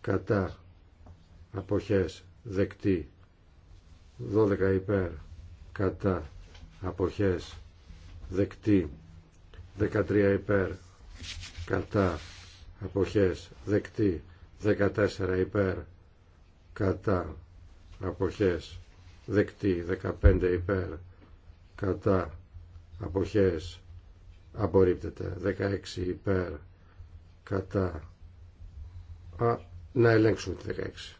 κατά αποχές δεκτή 12 υπέρ κατά αποχές δεκτή 13 υπέρ κατά αποχές δεκτή 14 υπέρ κατά αποχές δεκτή 15 υπέρ κατά αποχές απορρίπτεται 16 υπέρ κατά να ελέγξουμε τη 16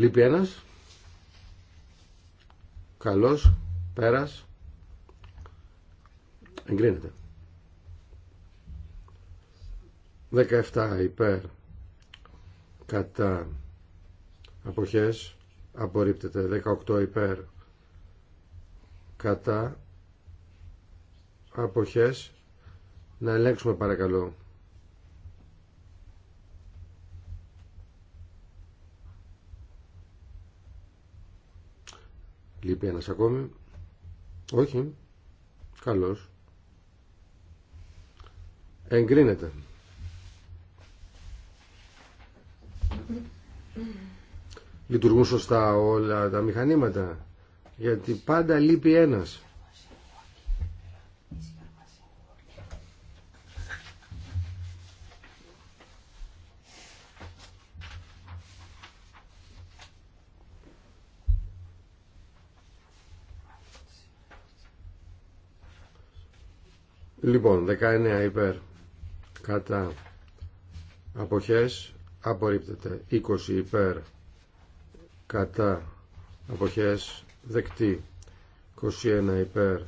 Λείπει ένα, Καλός. Πέρας. Εγκρίνεται. 17 υπέρ κατά αποχές απορρίπτεται 18 υπέρ κατά αποχές να ελέγξουμε παρακαλώ Λείπει ένας ακόμη. Όχι. Καλώς. Εγκρίνεται. Λειτουργούν σωστά όλα τα μηχανήματα. Γιατί πάντα λείπει ένας. Λοιπόν, 19 υπέρ κατά αποχές απορρίπτεται. 20 υπέρ κατά αποχές δεκτή. 21 υπέρ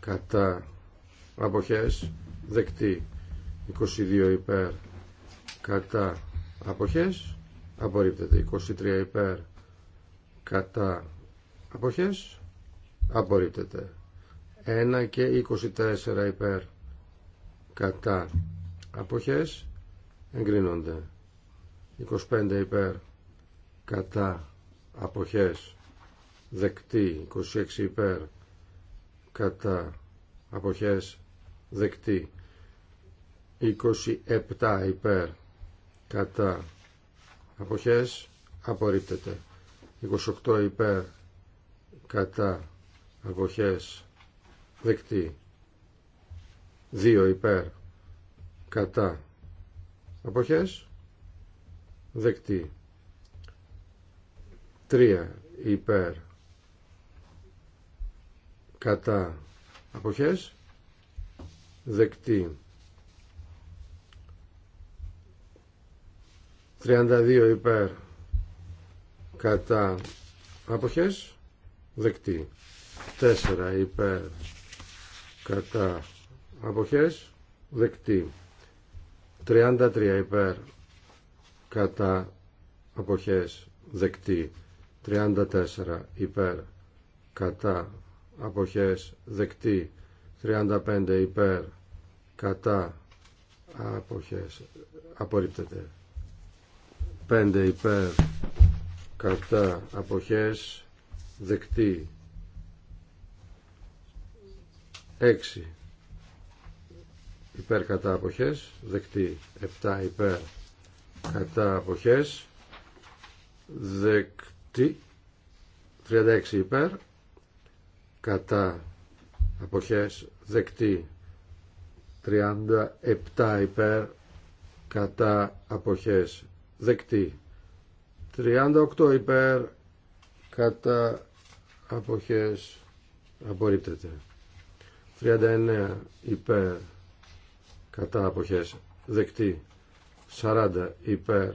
κατά αποχές δεκτή. 22 υπέρ κατά αποχές απορρίπτεται. 23 υπέρ κατά αποχές απορρίπτεται. 1 και 24 υπέρ κατά αποχές εγκρίνονται 25 υπέρ κατά αποχές δεκτή 26 υπέρ κατά αποχές δεκτή 27 υπέρ κατά αποχές απορρίπτεται 28 υπέρ κατά αποχές δεκτή 2 υπέρ κατά αποχές δεκτή 3 υπέρ κατά αποχές δεκτή 32 υπέρ κατά αποχές δεκτή 4 υπέρ κατά αποχές δεκτή 33 υπέρ κατά αποχές δεκτή 34 υπέρ κατά αποχές δεκτή 35 υπέρ κατά αποχές απορρίπτεται 5 υπέρ κατά αποχές δεκτή 6 υπέρ κατά αποχές δεκτή 7 υπέρ κατά αποχές δεκτή 36 υπέρ κατά αποχές δεκτή 37 υπέρ κατά αποχές δεκτή 38 υπέρ κατά αποχές απορρίπτεται 39 υπέρ κατά αποχές δεκτή 40 υπέρ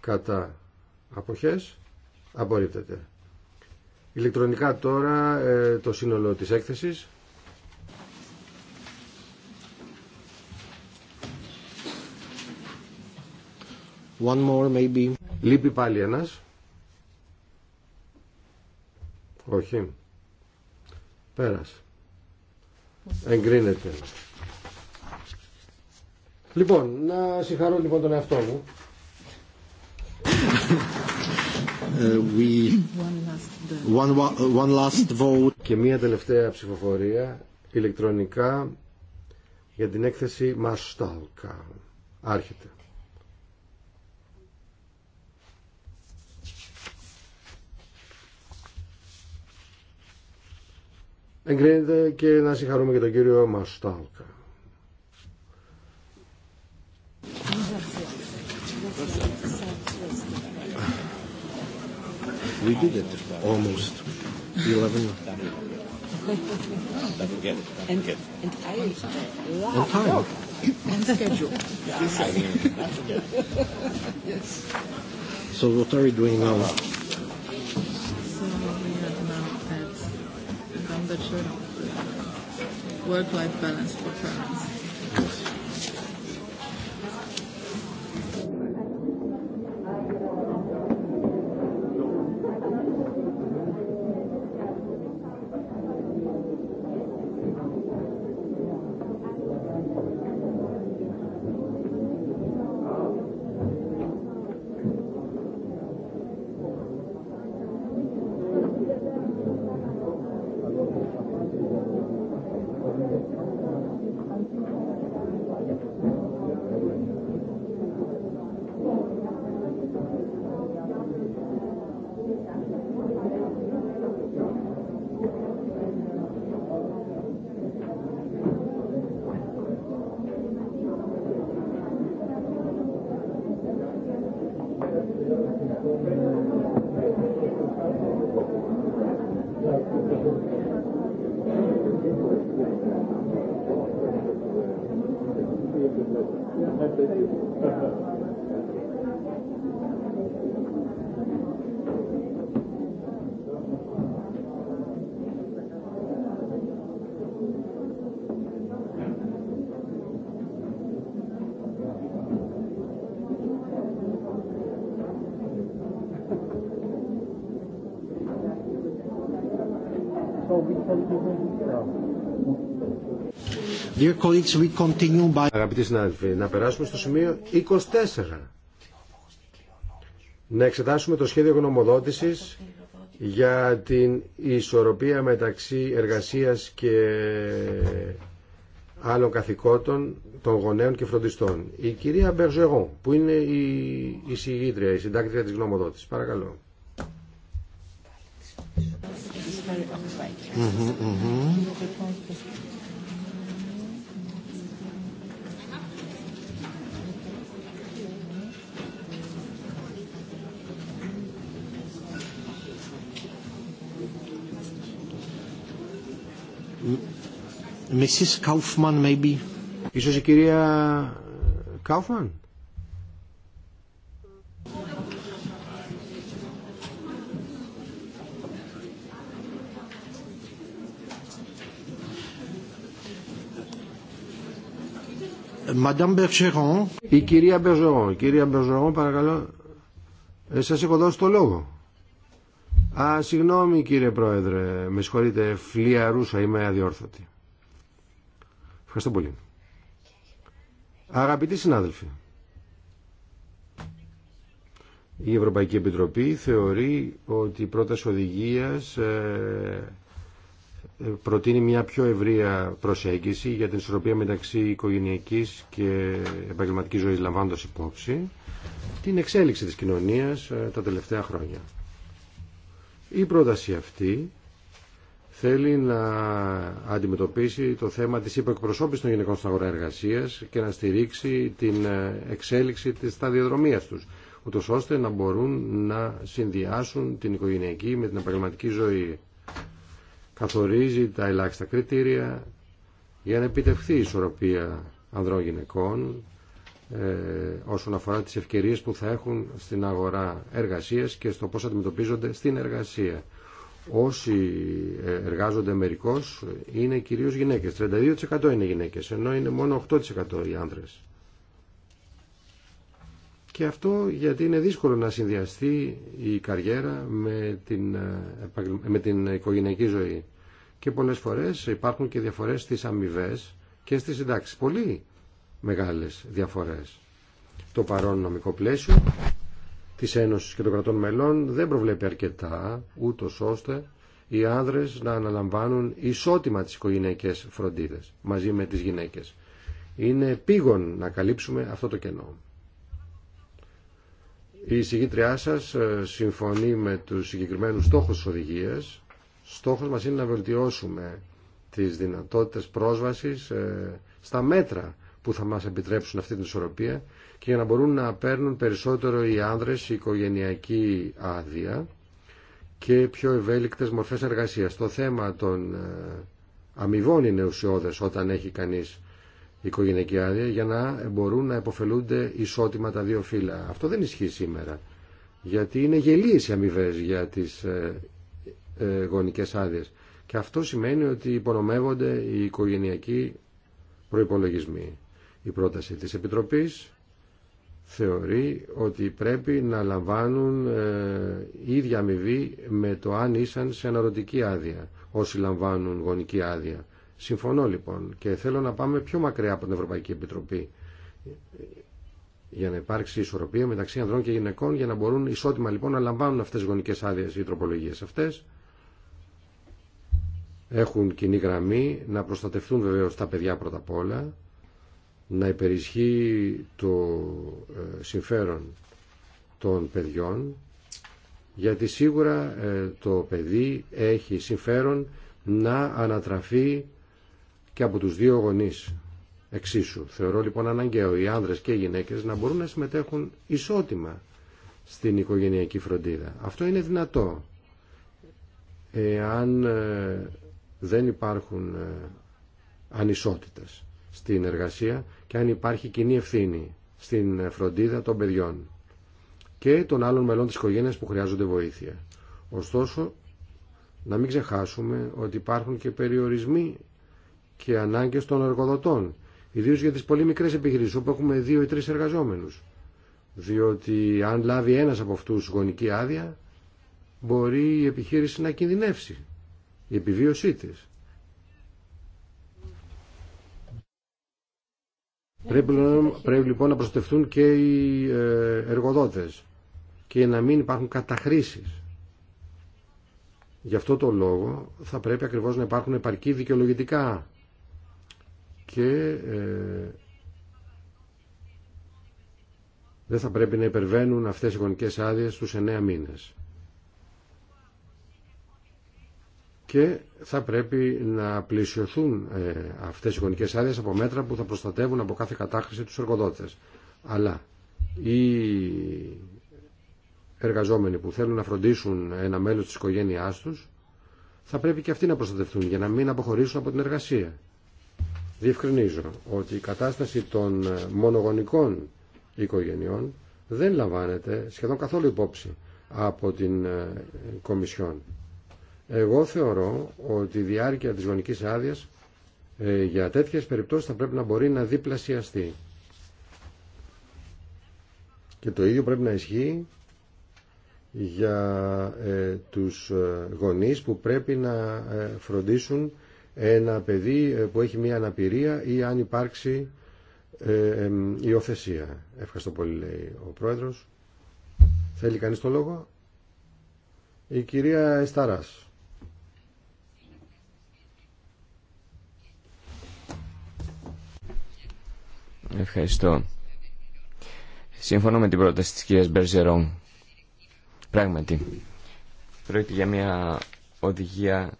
κατά αποχές απορρίπτεται ηλεκτρονικά τώρα ε, το σύνολο της έκθεσης One more maybe. Λείπει πάλι ένας. Όχι. Πέρασε. Εγκρίνεται. Λοιπόν, να συγχαρώ λοιπόν τον εαυτό μου. <laughs> Ε, one, last vote. Και μία τελευταία ψηφοφορία ηλεκτρονικά για την έκθεση Μαστάλκα. Άρχεται. Εγκρίνεται και να συγχαρούμε και τον κύριο Μαστάλκα. We did it almost. 11. it. And, I love On time. On schedule. yes. So what are we doing now? culture work-life balance for parents. Dear we continue by... Αγαπητοί συνάδελφοι, να περάσουμε στο σημείο 24. Να εξετάσουμε το σχέδιο γνωμοδότησης για την ισορροπία μεταξύ εργασίας και άλλων καθηκόντων των γονέων και φροντιστών. Η κυρία Μπερζεγό, που είναι η, εισηγήτρια, η συντάκτρια της γνωμοδότησης. Παρακαλώ. Mrs. Ίσως η κυρία Κάουφμαν. Η κυρία Η κυρία Μπεζογό, παρακαλώ, ε, σας έχω δώσει το λόγο. Α, συγγνώμη κύριε Πρόεδρε, με συγχωρείτε, φλία ρούσα, είμαι αδιόρθωτη. Ευχαριστώ πολύ. Αγαπητοί συνάδελφοι, η Ευρωπαϊκή Επιτροπή θεωρεί ότι η πρόταση οδηγίας ε, ε, προτείνει μια πιο ευρεία προσέγγιση για την ισορροπία μεταξύ οικογενειακής και επαγγελματικής ζωής λαμβάνοντας υπόψη την εξέλιξη της κοινωνίας ε, τα τελευταία χρόνια. Η πρόταση αυτή θέλει να αντιμετωπίσει το θέμα της υποεκπροσώπησης των γυναικών στην αγορά εργασίας και να στηρίξει την ε, εξέλιξη της σταδιοδρομίας τους, ούτως ώστε να μπορούν να συνδυάσουν την οικογενειακή με την επαγγελματική ζωή. Καθορίζει τα ελάχιστα κριτήρια για να επιτευχθεί η ισορροπία ανδρών γυναικών ε, όσον αφορά τις ευκαιρίες που θα έχουν στην αγορά εργασίας και στο πώς αντιμετωπίζονται στην εργασία όσοι ε, εργάζονται μερικώς είναι κυρίως γυναίκες. 32% είναι γυναίκες, ενώ είναι μόνο 8% οι άνδρες. Και αυτό γιατί είναι δύσκολο να συνδυαστεί η καριέρα με την, ε, με την οικογενειακή ζωή. Και πολλές φορές υπάρχουν και διαφορές στις αμοιβέ και στις συντάξεις. Πολύ μεγάλες διαφορές. Το παρόν νομικό πλαίσιο της Ένωσης και των κρατών μελών δεν προβλέπει αρκετά, ούτω ώστε οι άνδρες να αναλαμβάνουν ισότιμα τις οικογενειακές φροντίδες μαζί με τις γυναίκες. Είναι πήγον να καλύψουμε αυτό το κενό. Η συγκίτριά σα ε, συμφωνεί με τους συγκεκριμένους στόχους τη οδηγίας. Στόχος μας είναι να βελτιώσουμε τις δυνατότητες πρόσβασης ε, στα μέτρα που θα μας επιτρέψουν αυτή την ισορροπία και για να μπορούν να παίρνουν περισσότερο οι άνδρες οικογενειακή άδεια και πιο ευέλικτες μορφές εργασίας. Το θέμα των ε, αμοιβών είναι ουσιώδες όταν έχει κανείς οικογενειακή άδεια για να μπορούν να υποφελούνται ισότιμα τα δύο φύλλα. Αυτό δεν ισχύει σήμερα γιατί είναι γελίες οι αμοιβέ για τις ε, ε, γονικές άδειες. Και αυτό σημαίνει ότι υπονομεύονται οι οικογενειακοί προϋπολογισμοί. Η πρόταση της Επιτροπής θεωρεί ότι πρέπει να λαμβάνουν ε, ίδια αμοιβή με το αν ήσαν σε αναρωτική άδεια όσοι λαμβάνουν γονική άδεια. Συμφωνώ λοιπόν και θέλω να πάμε πιο μακριά από την Ευρωπαϊκή Επιτροπή για να υπάρξει ισορροπία μεταξύ ανδρών και γυναικών για να μπορούν ισότιμα λοιπόν να λαμβάνουν αυτές τις γονικές άδειες ή τροπολογίες αυτές έχουν κοινή γραμμή να προστατευτούν βεβαίως τα παιδιά πρώτα απ' όλα να υπερισχύει το ε, συμφέρον των παιδιών γιατί σίγουρα ε, το παιδί έχει συμφέρον να ανατραφεί και από τους δύο γονείς εξίσου. Θεωρώ λοιπόν αναγκαίο οι άνδρες και οι γυναίκες να μπορούν να συμμετέχουν ισότιμα στην οικογενειακή φροντίδα. Αυτό είναι δυνατό. Εάν ε, δεν υπάρχουν ανισότητες στην εργασία και αν υπάρχει κοινή ευθύνη στην φροντίδα των παιδιών και των άλλων μελών της οικογένειας που χρειάζονται βοήθεια. Ωστόσο, να μην ξεχάσουμε ότι υπάρχουν και περιορισμοί και ανάγκες των εργοδοτών, ιδίω για τις πολύ μικρές επιχειρήσεις όπου έχουμε δύο ή τρεις εργαζόμενους. Διότι αν λάβει ένας από αυτούς γονική άδεια, μπορεί η επιχείρηση να κινδυνεύσει η επιβίωσή της. Πρέπει, λοιπόν να προστευτούν και οι ε, εργοδότες και να μην υπάρχουν καταχρήσεις. Γι' αυτό το λόγο θα πρέπει ακριβώς να υπάρχουν επαρκή δικαιολογητικά και ε, δεν θα πρέπει να υπερβαίνουν αυτές οι γονικές άδειες στους εννέα μήνες. και θα πρέπει να πλησιωθούν ε, αυτές οι γονικές άδειες από μέτρα που θα προστατεύουν από κάθε κατάχρηση τους εργοδότες. Αλλά οι εργαζόμενοι που θέλουν να φροντίσουν ένα μέλος της οικογένειάς τους θα πρέπει και αυτοί να προστατευτούν για να μην αποχωρήσουν από την εργασία. Διευκρινίζω ότι η κατάσταση των ε, μονογονικών οικογενειών δεν λαμβάνεται σχεδόν καθόλου υπόψη από την ε, Κομισιόν. Εγώ θεωρώ ότι η διάρκεια της γονικής άδεια ε, για τέτοιες περιπτώσεις θα πρέπει να μπορεί να διπλασιαστεί. Και το ίδιο πρέπει να ισχύει για ε, τους ε, γονείς που πρέπει να φροντίσουν ένα παιδί που έχει μία αναπηρία ή αν υπάρξει υιοθεσία. Ευχαριστώ πολύ, λέει ο Πρόεδρος. Θέλει κανείς το λόγο. Η κυρία Εσταράς. Ευχαριστώ. Σύμφωνα με την πρόταση της κυρίας Μπερζερόν, πράγματι, πρόκειται για μια οδηγία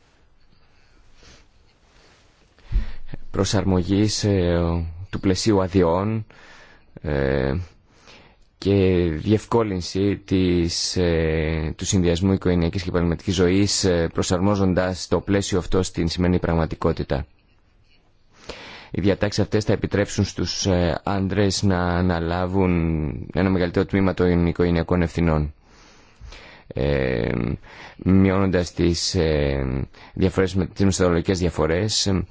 προσαρμογής ε, του πλαισίου αδειών ε, και διευκόλυνση της, ε, του συνδυασμού οικογενειακής και επαγγελματικής ζωής προσαρμόζοντας το πλαίσιο αυτό στην σημερινή πραγματικότητα. Οι διατάξει αυτές θα επιτρέψουν στους ε, άντρε να αναλάβουν ένα μεγαλύτερο τμήμα των οικογενειακών ευθυνών. Ε, μειώνοντας τις, ε, διαφορές, διαφορές, ε,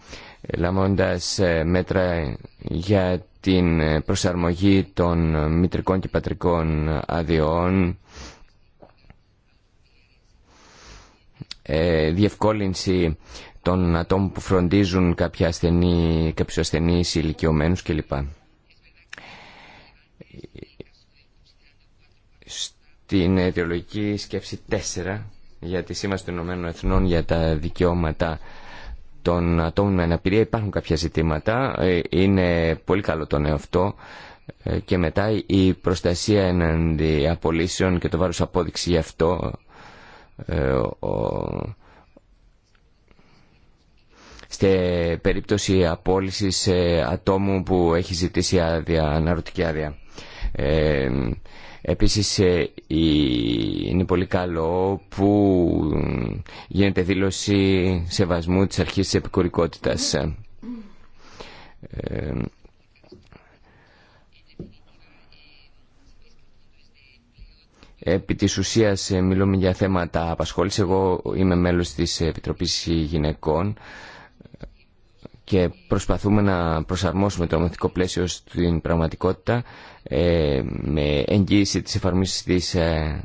λαμβάνοντας ε, μέτρα για την προσαρμογή των μητρικών και πατρικών αδειών, διευκόλυνση των ατόμων που φροντίζουν κάποια ασθενή, κάποιους ασθενείς ηλικιωμένους κλπ. Στην αιτιολογική σκέψη 4 για τη σήμαση των Ηνωμένων Εθνών για τα δικαιώματα των ατόμων με αναπηρία υπάρχουν κάποια ζητήματα. Ε, είναι πολύ καλό το νέο αυτό. Ε, και μετά η προστασία εναντί απολύσεων και το βάρος απόδειξη γι' αυτό ε, σε περίπτωση απόλυσης ε, ατόμου που έχει ζητήσει άδεια, αναρωτική άδεια. Ε, επίσης ε, είναι πολύ καλό που γίνεται δήλωση σεβασμού της αρχής της επικουρικότητας. Ε, Επί της ουσίας ε, μιλούμε για θέματα απασχόληση. Εγώ είμαι μέλος της Επιτροπής Γυναικών και προσπαθούμε να προσαρμόσουμε το νομοθετικό πλαίσιο στην πραγματικότητα ε, με εγγύηση της εφαρμίσης της ε,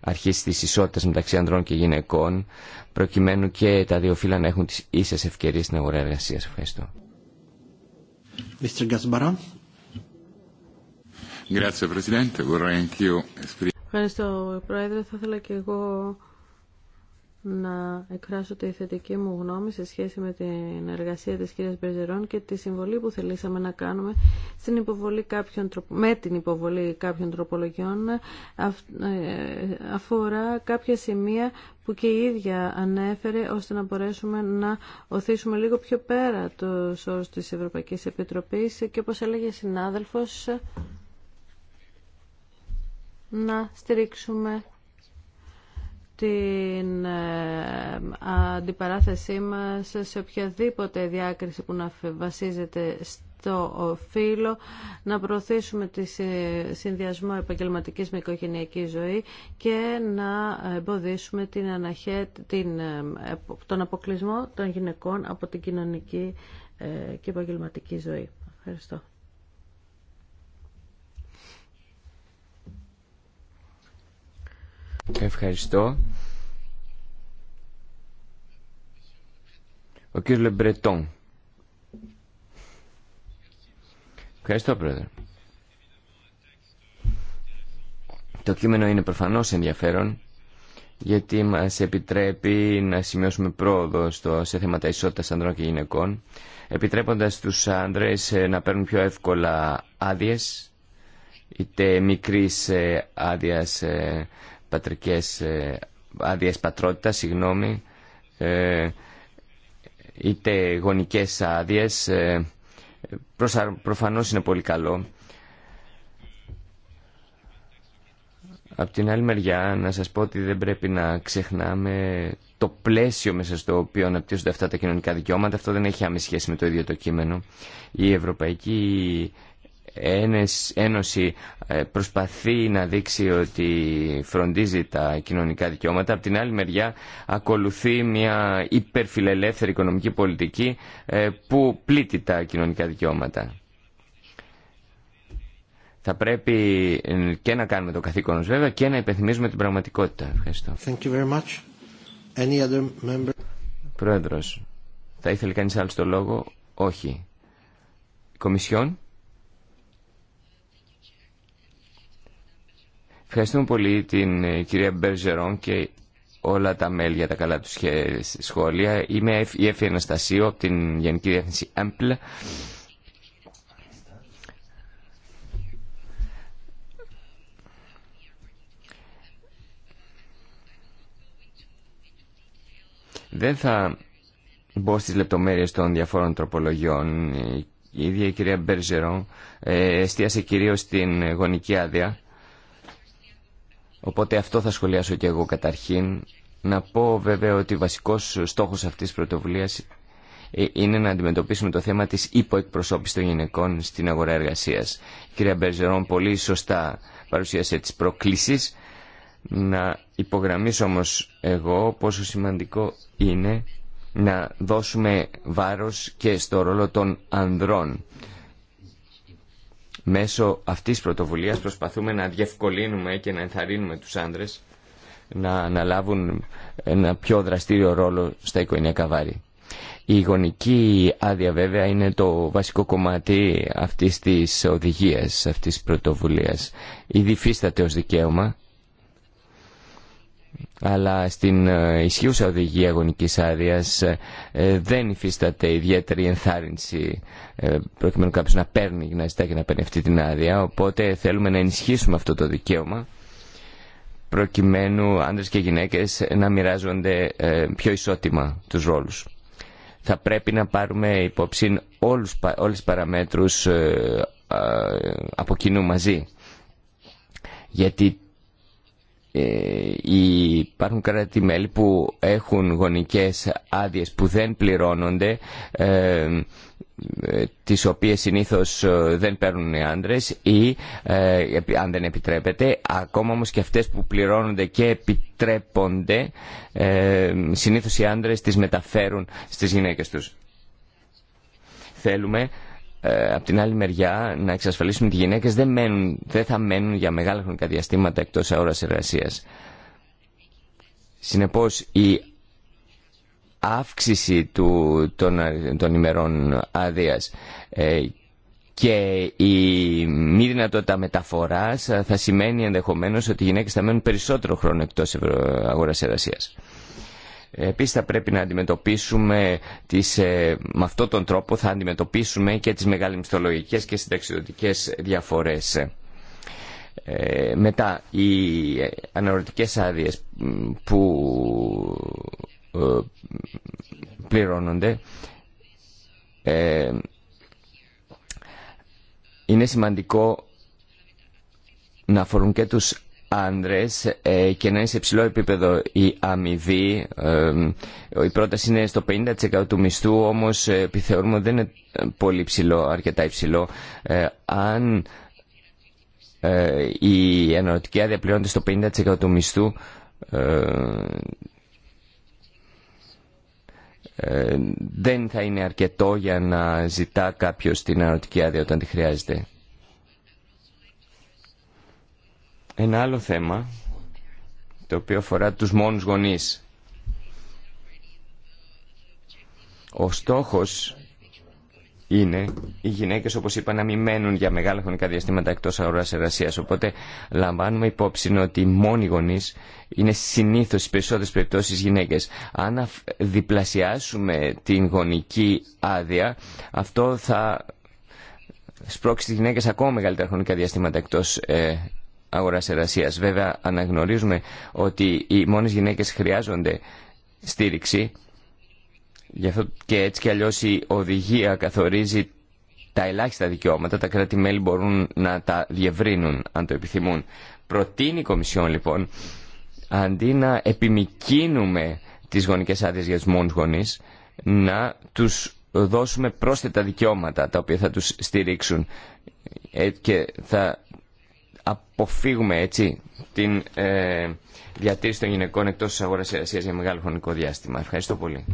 αρχής της ισότητας μεταξύ ανδρών και γυναικών προκειμένου και τα δύο φύλλα να έχουν τις ίσες ευκαιρίες στην αγορά εργασίας. Ευχαριστώ. Ευχαριστώ, Πρόεδρε. Θα ήθελα και εγώ να εκφράσω τη θετική μου γνώμη σε σχέση με την εργασία της κυρίας Μπερζερών και τη συμβολή που θελήσαμε να κάνουμε στην υποβολή κάποιων, με την υποβολή κάποιων τροπολογιών ε, αφορά κάποια σημεία που και η ίδια ανέφερε ώστε να μπορέσουμε να οθήσουμε λίγο πιο πέρα το σώρος της Ευρωπαϊκής Επιτροπής και όπως έλεγε συνάδελφος να στηρίξουμε την ε, αντιπαράθεσή μας σε οποιαδήποτε διάκριση που να βασίζεται στο φύλλο, να προωθήσουμε τη συνδυασμό επαγγελματικής με οικογενειακή ζωή και να εμποδίσουμε την αναχέ, την, ε, τον αποκλεισμό των γυναικών από την κοινωνική ε, και επαγγελματική ζωή. Ευχαριστώ. Ευχαριστώ. Ο κύριος Λεμπρετών. Ευχαριστώ, Πρόεδρε. Το κείμενο είναι προφανώς ενδιαφέρον γιατί μας επιτρέπει να σημειώσουμε πρόοδο στο, σε θέματα ισότητας ανδρών και γυναικών επιτρέποντας τους αντρές ε, να παίρνουν πιο εύκολα άδειες είτε μικρής ε, άδεια ε, πατρικές ε, άδειες πατρότητα, συγγνώμη, ε, είτε γονικές άδειες, ε, προφανώς είναι πολύ καλό. Απ' την άλλη μεριά να σας πω ότι δεν πρέπει να ξεχνάμε το πλαίσιο μέσα στο οποίο αναπτύσσονται αυτά τα κοινωνικά δικαιώματα. Αυτό δεν έχει άμεση σχέση με το ίδιο το κείμενο. Η Ευρωπαϊκή Ένωση ε, προσπαθεί να δείξει ότι φροντίζει τα κοινωνικά δικαιώματα. Από την άλλη μεριά ακολουθεί μια υπερφιλελεύθερη οικονομική πολιτική ε, που πλήττει τα κοινωνικά δικαιώματα. Θα πρέπει ε, και να κάνουμε το καθήκον μας βέβαια και να υπενθυμίζουμε την πραγματικότητα. Ευχαριστώ. Thank you very much. Any other Πρόεδρος, θα ήθελε κανείς άλλο το λόγο. Όχι. Κομισιόν. Ευχαριστούμε πολύ την ε, κυρία Μπερζερόν και όλα τα μέλη για τα καλά τους σχόλια. Είμαι η Εφη Αναστασίου από την Γενική Διεύθυνση ΕΜΠΛ. Δεν θα μπω στις λεπτομέρειες των διαφόρων τροπολογιών. Η ίδια η κυρία Μπερζερόν ε, εστίασε κυρίως στην γονική άδεια Οπότε αυτό θα σχολιάσω και εγώ καταρχήν. Να πω βέβαια ότι βασικός στόχος αυτής της πρωτοβουλίας ε, είναι να αντιμετωπίσουμε το θέμα της υποεκπροσώπησης των γυναικών στην αγορά εργασίας. κυρία Μπερζερόν πολύ σωστά παρουσίασε τις προκλήσεις. Να υπογραμμίσω όμως εγώ πόσο σημαντικό είναι να δώσουμε βάρος και στο ρόλο των ανδρών Μέσω αυτής της πρωτοβουλίας προσπαθούμε να διευκολύνουμε και να ενθαρρύνουμε τους άντρες να αναλάβουν ένα πιο δραστήριο ρόλο στα οικογενειακά βάρη. Η γονική άδεια βέβαια είναι το βασικό κομμάτι αυτής της οδηγίας, αυτής της πρωτοβουλίας. Ήδη φύσταται ως δικαίωμα αλλά στην ε, ισχύουσα οδηγία γονικής άδειας ε, ε, δεν υφίσταται ιδιαίτερη ενθάρρυνση προκειμένου κάποιο να παίρνει, να και να παίρνει αυτή την άδεια οπότε θέλουμε να ενισχύσουμε αυτό το δικαίωμα προκειμένου άντρες και γυναίκες να μοιράζονται πιο ισότιμα τους ρόλους. Θα πρέπει να πάρουμε υπόψη όλους, όλες παραμέτρους από κοινού μαζί γιατί ε, υπάρχουν κράτη-μέλη που έχουν γονικές άδειες που δεν πληρώνονται ε, ε, τις οποίες συνήθως δεν παίρνουν οι άντρες ή αν δεν επιτρέπεται ακόμα όμως και αυτές που πληρώνονται και επιτρέπονται ε, συνήθως οι άντρες τις μεταφέρουν στις γυναίκες τους. Θέλουμε ε, απ' την άλλη μεριά, να εξασφαλίσουμε ότι οι γυναίκες δεν, δεν θα μένουν για μεγάλα χρονικά διαστήματα εκτός αόρας εργασίας. Συνεπώς, η αύξηση του, των, των ημερών άδεια ε, και η μη δυνατότητα μεταφοράς θα σημαίνει ενδεχομένως ότι οι γυναίκες θα μένουν περισσότερο χρόνο εκτός αγοράς εργασίας. Επίση, θα πρέπει να αντιμετωπίσουμε τις, ε, με αυτόν τον τρόπο θα αντιμετωπίσουμε και τις μεγάλες μισθολογικές και συνταξιδοτικές διαφορές. Ε, μετά, οι ε, αναρωτικές άδειε που πληρώνονται είναι σημαντικό να αφορούν και τους ε, και να είναι σε υψηλό επίπεδο η αμοιβή. η πρόταση είναι στο 50% του μισθού, όμως ε, επιθεωρούμε ότι δεν είναι πολύ ψηλό, αρκετά υψηλό. Ε, αν ε, η αναρωτική άδεια πληρώνεται στο 50% του μισθού, δεν θα είναι αρκετό για να ζητά κάποιος την αναρωτική άδεια όταν τη χρειάζεται. Ένα άλλο θέμα, το οποίο αφορά τους μόνους γονείς. Ο στόχος είναι οι γυναίκες, όπως είπα, να μην μένουν για μεγάλα χρονικά διαστήματα εκτός αγοράς εργασίας. Οπότε λαμβάνουμε υπόψη ότι οι μόνοι γονείς είναι συνήθως στις περισσότερες περιπτώσεις γυναίκες. Αν διπλασιάσουμε την γονική άδεια, αυτό θα σπρώξει τις γυναίκες ακόμα μεγαλύτερα χρονικά διαστήματα εκτός ε, αγορά Βέβαια αναγνωρίζουμε ότι οι μόνε γυναίκε χρειάζονται στήριξη Γι' αυτό και έτσι κι αλλιώ η οδηγία καθορίζει τα ελάχιστα δικαιώματα, τα κράτη-μέλη μπορούν να τα διευρύνουν αν το επιθυμούν. Προτείνει η Κομισιόν λοιπόν, αντί να επιμικίνουμε τις γονικές άδειες για τους μόνους γονείς, να τους δώσουμε πρόσθετα δικαιώματα τα οποία θα τους στηρίξουν ε, και αποφύγουμε έτσι την ε, διατήρηση των γυναικών εκτός της αγοράς εργασίας για μεγάλο χρονικό διάστημα. Ευχαριστώ πολύ.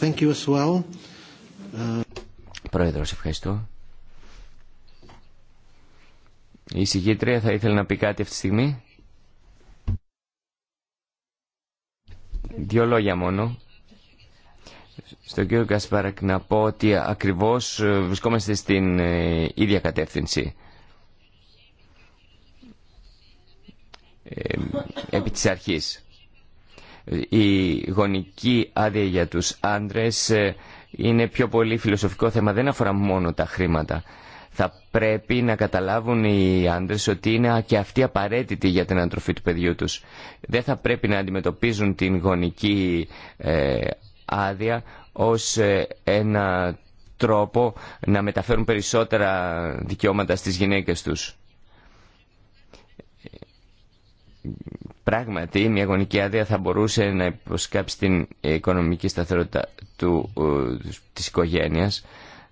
Thank you as well. Πρόεδρος, ευχαριστώ. Η συγκήτρια θα ήθελε να πει κάτι αυτή τη στιγμή. Δύο λόγια μόνο. Στον κύριο Κασπαρακ να πω ότι ακριβώς ε, βρισκόμαστε στην ε, ίδια κατεύθυνση. Ε, επί της αρχής. Η γονική άδεια για τους άντρες ε, είναι πιο πολύ φιλοσοφικό θέμα, δεν αφορά μόνο τα χρήματα. Θα πρέπει να καταλάβουν οι άντρες ότι είναι και αυτοί απαραίτητοι για την αντροφή του παιδιού τους. Δεν θα πρέπει να αντιμετωπίζουν την γονική ε, άδεια ως ένα τρόπο να μεταφέρουν περισσότερα δικαιώματα στις γυναίκες τους πράγματι μια γονική άδεια θα μπορούσε να υποσκάψει την οικονομική σταθερότητα του, της οικογένειας.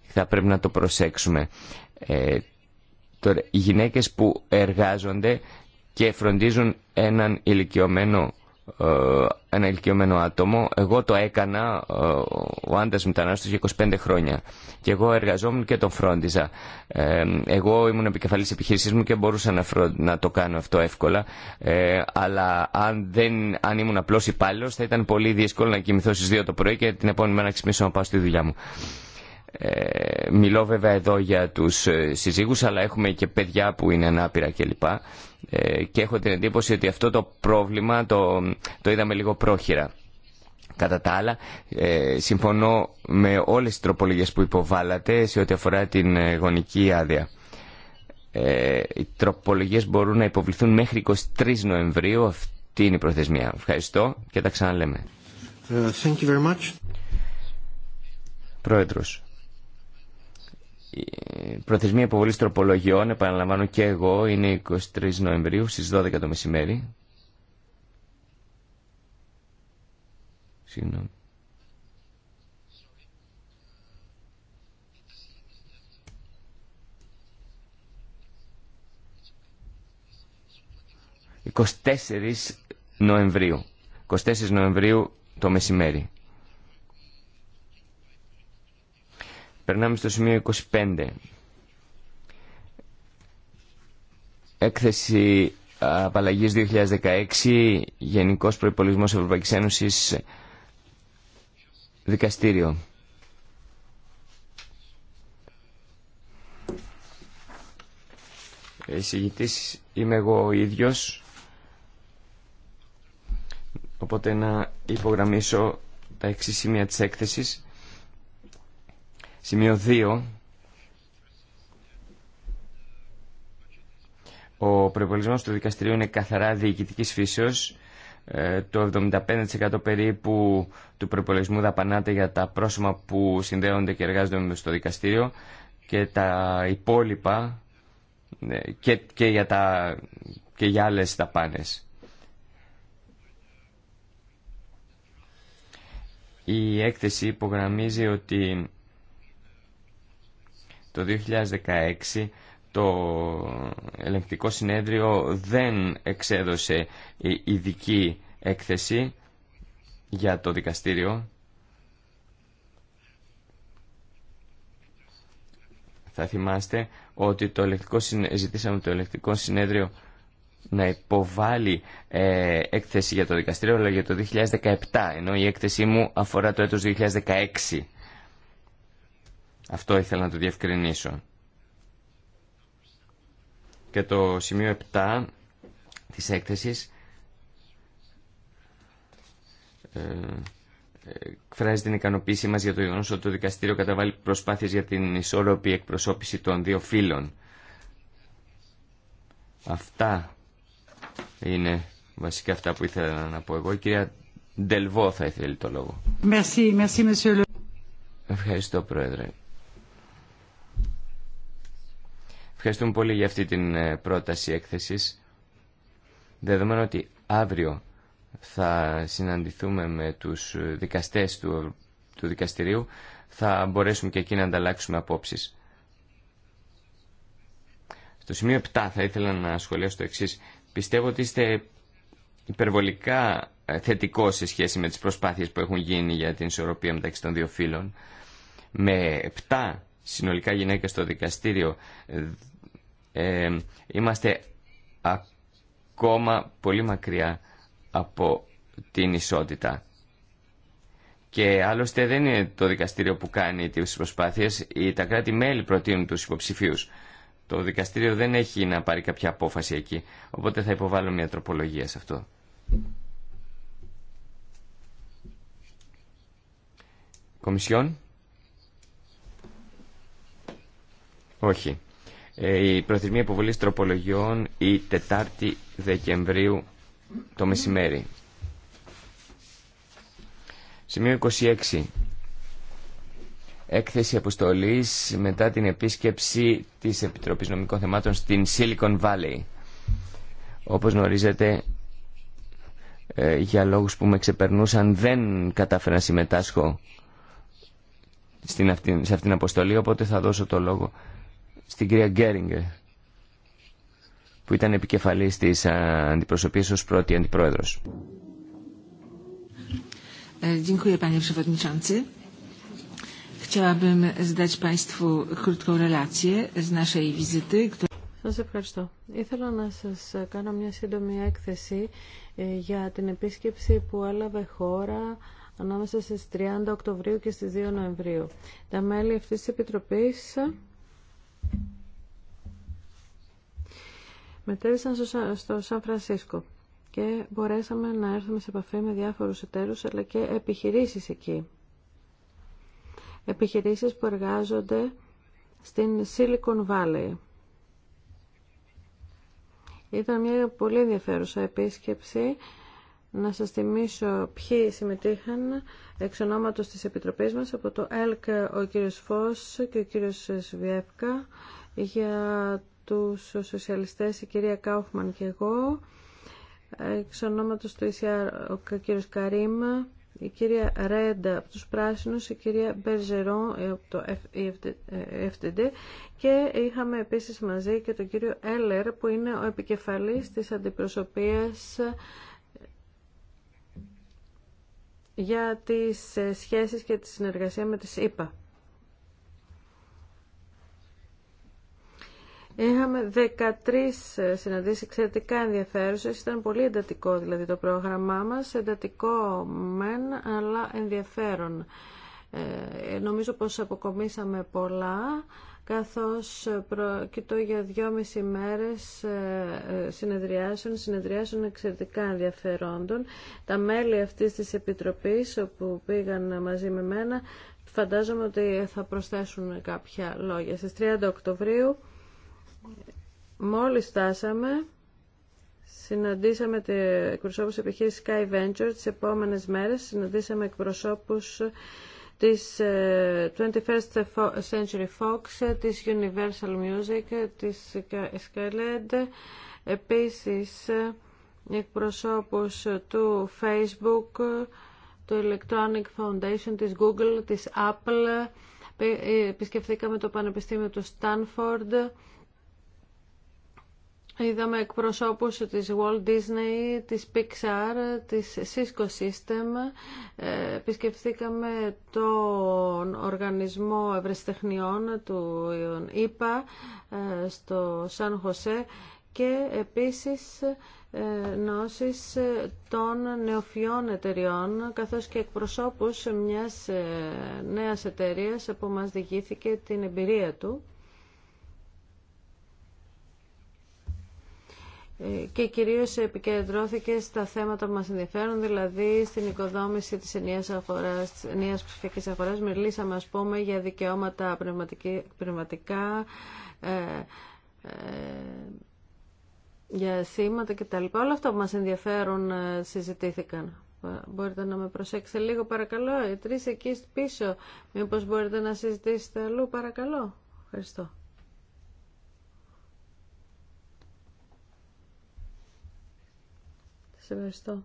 Θα πρέπει να το προσέξουμε. Ε, τώρα, οι γυναίκες που εργάζονται και φροντίζουν έναν ηλικιωμένο ε, ένα ηλικιωμένο άτομο. Εγώ το έκανα, ε, ο άντρας μετανάστης, για 25 χρόνια. Και εγώ εργαζόμουν και τον φρόντιζα. Ε, εγώ ήμουν επικεφαλής επιχείρησής μου και μπορούσα να, να το κάνω αυτό εύκολα. Ε, αλλά αν, δεν, αν ήμουν απλός υπάλληλος θα ήταν πολύ δύσκολο να κοιμηθώ στις 2 το πρωί και την επόμενη μέρα να ξυπνήσω να πάω στη δουλειά μου. Ε, μιλώ βέβαια εδώ για τους συζύγους αλλά έχουμε και παιδιά που είναι ανάπηρα κλπ. Ε, και έχω την εντύπωση ότι αυτό το πρόβλημα το, το είδαμε λίγο πρόχειρα. Κατά τα άλλα, ε, συμφωνώ με όλες τις τροπολογίες που υποβάλλατε σε ό,τι αφορά την ε, γονική άδεια. οι τροπολογίες μπορούν να υποβληθούν μέχρι 23 Νοεμβρίου. Αυτή είναι η προθεσμία. Ευχαριστώ και τα ξαναλέμε. Thank you very much. Πρόεδρος. Η προθεσμία υποβολή τροπολογιών, επαναλαμβάνω και εγώ, είναι 23 Νοεμβρίου στις 12 το μεσημέρι. ...24 Νοεμβρίου. 24 Νοεμβρίου το μεσημέρι. Περνάμε στο σημείο 25. Έκθεση απαλλαγής 2016, Γενικός Προϋπολογισμός Ευρωπαϊκής Ένωσης, Δικαστήριο. Εισηγητής είμαι εγώ ο ίδιος, οπότε να υπογραμμίσω τα εξή σημεία της έκθεσης. Σημείο 2. Ο προπολογισμό του δικαστηρίου είναι καθαρά διοικητική φύσεως. Ε, το 75% περίπου του προπολογισμού δαπανάται για τα πρόσωπα που συνδέονται και εργάζονται στο δικαστήριο και τα υπόλοιπα ε, και, για, τα, και για άλλες δαπάνες. Η έκθεση υπογραμμίζει ότι το 2016 το ελεγκτικό συνέδριο δεν εξέδωσε ειδική έκθεση για το δικαστήριο. Θα θυμάστε ότι το ζητήσαμε το ελεκτικό συνέδριο να υποβάλει ε, έκθεση για το δικαστήριο αλλά για το 2017 ενώ η έκθεσή μου αφορά το έτος 2016 αυτό ήθελα να το διευκρινίσω. Και το σημείο 7 της έκθεσης ε, εκφράζει την ικανοποίησή μας για το γεγονό ότι το δικαστήριο καταβάλει προσπάθειες για την ισόρροπη εκπροσώπηση των δύο φύλων. Αυτά είναι βασικά αυτά που ήθελα να πω εγώ. Η κυρία Ντελβό θα ήθελε το λόγο. Ευχαριστώ, Πρόεδρε. Ευχαριστούμε πολύ για αυτή την ε, πρόταση έκθεσης. Δεδομένου ότι αύριο θα συναντηθούμε με τους ε, δικαστές του, του δικαστηρίου, θα μπορέσουμε και εκεί να ανταλλάξουμε απόψεις. Στο σημείο 7 θα ήθελα να σχολιάσω το εξής. Πιστεύω ότι είστε υπερβολικά ε, θετικό σε σχέση με τις προσπάθειες που έχουν γίνει για την ισορροπία μεταξύ των δύο φύλων. Με 7 συνολικά γυναίκες στο δικαστήριο ε, είμαστε ακόμα πολύ μακριά από την ισότητα. Και άλλωστε δεν είναι το δικαστήριο που κάνει τις προσπάθειες, τα κράτη-μέλη προτείνουν τους υποψηφίους. Το δικαστήριο δεν έχει να πάρει κάποια απόφαση εκεί, οπότε θα υποβάλω μια τροπολογία σε αυτό. Κομισιόν. Όχι. Ε, η προθεσμία υποβολή τροπολογιών η 4η Δεκεμβρίου το μεσημέρι. Σημείο 26. Έκθεση αποστολής μετά την επίσκεψη της Επιτροπής Νομικών Θεμάτων στην Silicon Valley. Όπως γνωρίζετε, ε, για λόγους που με ξεπερνούσαν δεν κατάφερα να συμμετάσχω στην αυτή, σε αυτήν την αποστολή, οπότε θα δώσω το λόγο στην κυρία Γκέριγκερ που ήταν επικεφαλής της ε, αντιπροσωπής ως πρώτη αντιπρόεδρος. Ε, σας ευχαριστώ. Ήθελα να σας κάνω μια σύντομη έκθεση ε, για την επίσκεψη που έλαβε χώρα ανάμεσα στις 30 Οκτωβρίου και στις 2 Νοεμβρίου. Τα μέλη αυτής της Επιτροπής Μετέβησαν στο Σαν Φρανσίσκο και μπορέσαμε να έρθουμε σε επαφή με διάφορους εταίρους αλλά και επιχειρήσεις εκεί. Επιχειρήσεις που εργάζονται στην Silicon Valley. Ήταν μια πολύ ενδιαφέρουσα επίσκεψη. Να σας θυμίσω ποιοι συμμετείχαν εξ ονόματος της Επιτροπής μας από το ΕΛΚ ο κύριος Φως και ο κύριος Σβιέπκα για τους σοσιαλιστές η κυρία Κάουφμαν και εγώ εξ ονόματος του ΙΣΙΑΡ ο κύριος Καρίμα η κυρία Ρέντα από τους Πράσινους, η κυρία Μπερζερό ε, από το FTD ε, και είχαμε επίσης μαζί και τον κύριο Έλερ που είναι ο επικεφαλής της αντιπροσωπείας για τις ε, σχέσεις και τη συνεργασία με τις ΕΠΑ. Είχαμε 13 ε, συναντήσεις εξαιρετικά ενδιαφέρουσες, ήταν πολύ εντατικό δηλαδή το πρόγραμμά μας, εντατικό μεν αλλά ενδιαφέρον. Ε, νομίζω πως αποκομίσαμε πολλά, καθώς κοιτώ για δυόμιση μέρες ε, ε, συνεδριάσεων, συνεδριάσεων εξαιρετικά ενδιαφερόντων. Τα μέλη αυτής της Επιτροπής, όπου πήγαν μαζί με μένα, φαντάζομαι ότι θα προσθέσουν κάποια λόγια. Στις 30 Οκτωβρίου Μόλις στάσαμε, συναντήσαμε εκπροσώπους επιχείρησης Sky Venture. Τις επόμενες μέρες συναντήσαμε εκπροσώπους της 21st ε, Century Fox, της Universal Music, της Skyled, επίσης εκπροσώπους του Facebook, του Electronic Foundation, της Google, της Apple. Ε, επισκεφθήκαμε το Πανεπιστήμιο του Stanford Είδαμε εκπροσώπους της Walt Disney, της Pixar, της Cisco System. Ε, επισκεφθήκαμε τον Οργανισμό ευρεστεχνιών του ΙΠΑ ε, στο Σαν Χωσέ και επίσης ε, νόσεις των νεοφιών εταιριών καθώς και εκπροσώπους μιας νέας εταιρείας που μας διηγήθηκε την εμπειρία του. και κυρίως επικεντρώθηκε στα θέματα που μας ενδιαφέρουν, δηλαδή στην οικοδόμηση της ενιαίας, αγοράς, της ενιαίας ψηφιακής αγοράς. Μιλήσαμε, ας πούμε, για δικαιώματα πνευματικά, ε, ε, για σήματα κτλ. Όλα αυτά που μας ενδιαφέρουν ε, συζητήθηκαν. Ε, μπορείτε να με προσέξετε λίγο, παρακαλώ. Οι τρεις εκεί πίσω, μήπως μπορείτε να συζητήσετε αλλού, παρακαλώ. Ευχαριστώ. Σε ευχαριστώ.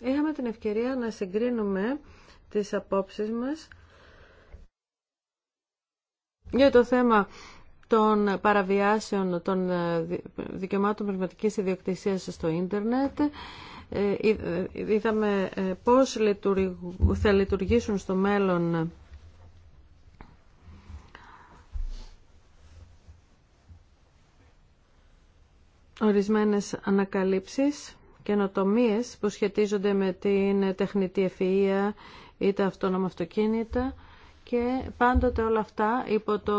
Είχαμε την ευκαιρία να συγκρίνουμε τις απόψεις μας για το θέμα των παραβιάσεων των ε, δικαιωμάτων πνευματικής ιδιοκτησίας στο ίντερνετ. Ε, ε, είδαμε πώς θα λειτουργήσουν στο μέλλον ορισμένες ανακαλύψεις καινοτομίε που σχετίζονται με την τεχνητή ευφυΐα ή τα αυτόνομα αυτοκίνητα και πάντοτε όλα αυτά υπό το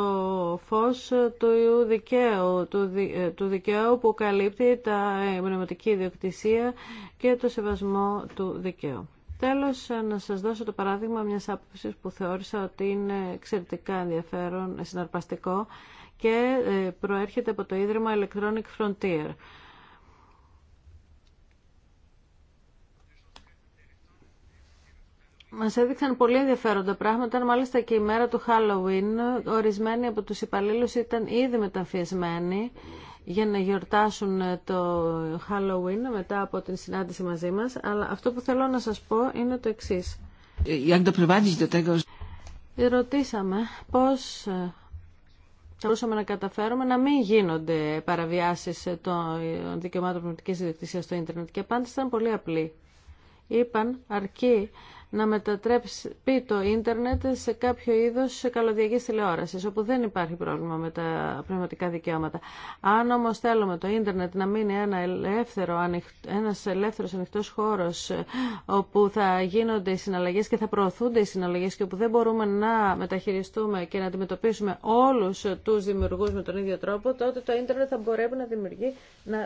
φως του δικαίου, του, ε, του δικαίου που καλύπτει τα πνευματική ιδιοκτησία και το σεβασμό του δικαίου. Τέλος, να σας δώσω το παράδειγμα μιας άποψης που θεώρησα ότι είναι εξαιρετικά ενδιαφέρον, συναρπαστικό και ε, προέρχεται από το Ίδρυμα Electronic Frontier. Μα έδειξαν πολύ ενδιαφέροντα πράγματα, μάλιστα και η μέρα του Halloween ορισμένοι από του υπαλλήλου, ήταν ήδη μεταφιεσμένοι για να γιορτάσουν ε, το Halloween μετά από την συνάντηση μαζί μα. αλλά αυτό που θέλω να σα πω είναι το εξή. Ρωτήσαμε πώ μπορούσαμε να καταφέρουμε να μην γίνονται παραβιάσεις των δικαιωμάτων πνευματικής ιδιοκτησίας στο ίντερνετ. Και ήταν πολύ απλή. Είπαν αρκεί να μετατρέψει το ίντερνετ σε κάποιο είδος καλωδιακής τηλεόρασης, όπου δεν υπάρχει πρόβλημα με τα πνευματικά δικαιώματα. Αν όμως θέλουμε το ίντερνετ να μείνει ένα ελεύθερο, ένας ελεύθερος ανοιχτός χώρος, ε, όπου θα γίνονται οι συναλλαγές και θα προωθούνται οι συναλλαγές και όπου δεν μπορούμε να μεταχειριστούμε και να αντιμετωπίσουμε όλους τους δημιουργούς με τον ίδιο τρόπο, τότε το ίντερνετ θα μπορέσει να δημιουργεί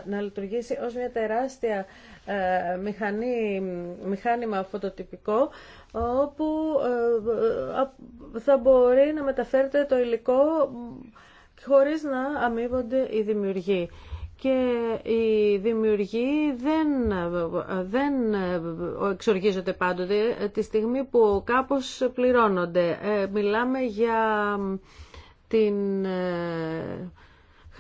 να, λειτουργήσει ως μια τεράστια ε, μηχανή, μηχάνημα φωτοτυπικό όπου ε, θα μπορεί να μεταφέρεται το υλικό χωρίς να αμείβονται οι δημιουργοί και οι δημιουργοί δεν, δεν εξοργίζονται πάντοτε ε, τη στιγμή που κάπως πληρώνονται. μιλάμε για την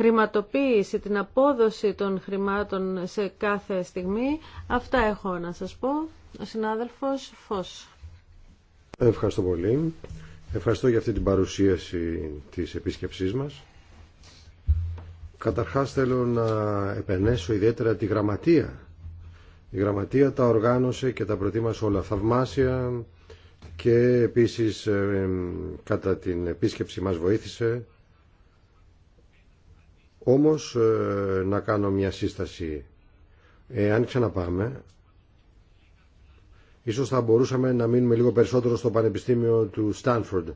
χρηματοποίηση, την απόδοση των χρημάτων σε κάθε στιγμή. Αυτά έχω να σας πω. Ο συνάδελφος Φως. Ευχαριστώ πολύ. Ευχαριστώ για αυτή την παρουσίαση της επίσκεψής μας. Καταρχάς θέλω να επενέσω ιδιαίτερα τη γραμματεία. Η γραμματεία τα οργάνωσε και τα προτίμασε όλα θαυμάσια και επίσης ε, ε, κατά την επίσκεψη μας βοήθησε όμως ε, να κάνω μια σύσταση. Ε, αν ξαναπάμε, ίσως θα μπορούσαμε να μείνουμε λίγο περισσότερο στο Πανεπιστήμιο του Στάνφορντ.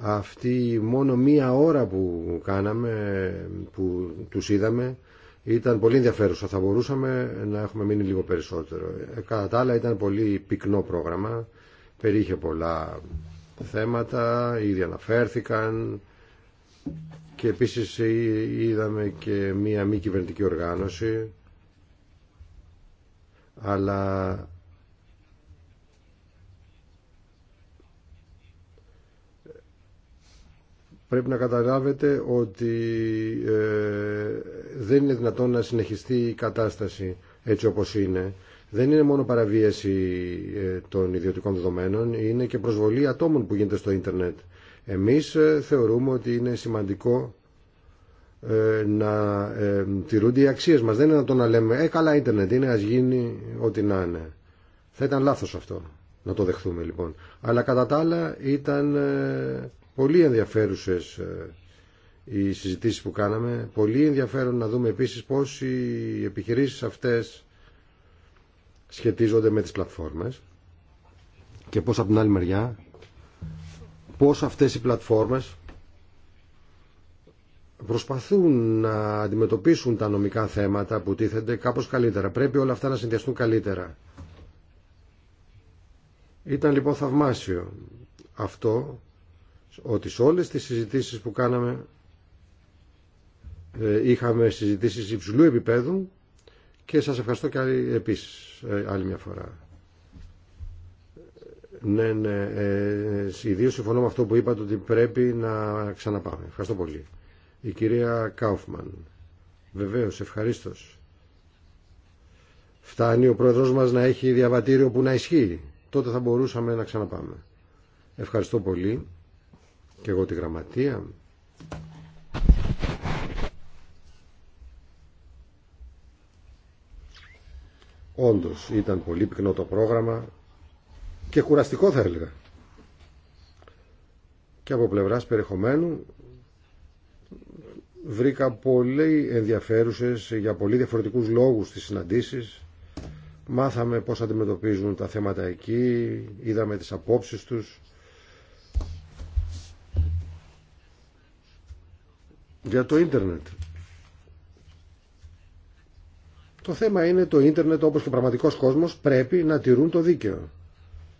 Αυτή μόνο μία ώρα που κάναμε, που τους είδαμε, ήταν πολύ ενδιαφέρουσα. Θα μπορούσαμε να έχουμε μείνει λίγο περισσότερο. Ε, κατά τα άλλα ήταν πολύ πυκνό πρόγραμμα. Περίχε πολλά θέματα, ήδη αναφέρθηκαν και επίσης ε, είδαμε και μία μη κυβερνητική οργάνωση αλλά πρέπει να καταλάβετε ότι ε, δεν είναι δυνατόν να συνεχιστεί η κατάσταση έτσι όπως είναι. Δεν είναι μόνο παραβίαση ε, των ιδιωτικών δεδομένων, είναι και προσβολή ατόμων που γίνεται στο ίντερνετ. Εμείς ε, θεωρούμε ότι είναι σημαντικό ε, να ε, τηρούνται οι αξίες μας. Δεν είναι να το να λέμε «Ε, καλά ίντερνετ είναι, ας γίνει ό,τι να είναι». Θα ήταν λάθος αυτό να το δεχθούμε λοιπόν. Αλλά κατά τα άλλα ήταν πολύ ενδιαφέρουσες οι συζητήσεις που κάναμε. Πολύ ενδιαφέρον να δούμε επίσης πώς οι επιχειρήσεις αυτές σχετίζονται με τις πλατφόρμες και πώς από την άλλη μεριά πώς αυτές οι πλατφόρμες προσπαθούν να αντιμετωπίσουν τα νομικά θέματα που τίθενται κάπως καλύτερα. Πρέπει όλα αυτά να συνδυαστούν καλύτερα. Ήταν λοιπόν θαυμάσιο αυτό ότι σε όλες τις συζητήσεις που κάναμε ε, είχαμε συζητήσεις υψηλού επίπεδου και σας ευχαριστώ και άλλη, επίσης ε, άλλη μια φορά. Ναι, ναι. Ε, ιδίως συμφωνώ με αυτό που είπατε ότι πρέπει να ξαναπάμε. Ευχαριστώ πολύ. Η κυρία Κάουφμαν. Βεβαίως, ευχαρίστω. Φτάνει ο πρόεδρος μας να έχει διαβατήριο που να ισχύει. Τότε θα μπορούσαμε να ξαναπάμε. Ευχαριστώ πολύ και εγώ τη γραμματεία. Όντως ήταν πολύ πυκνό το πρόγραμμα και κουραστικό θα έλεγα. Και από πλευράς περιεχομένου βρήκα πολύ ενδιαφέρουσες για πολύ διαφορετικούς λόγους τις συναντήσεις. Μάθαμε πώς αντιμετωπίζουν τα θέματα εκεί, είδαμε τις απόψεις τους. Για το ίντερνετ. Το θέμα είναι το ίντερνετ όπως και ο πραγματικός κόσμος πρέπει να τηρούν το δίκαιο.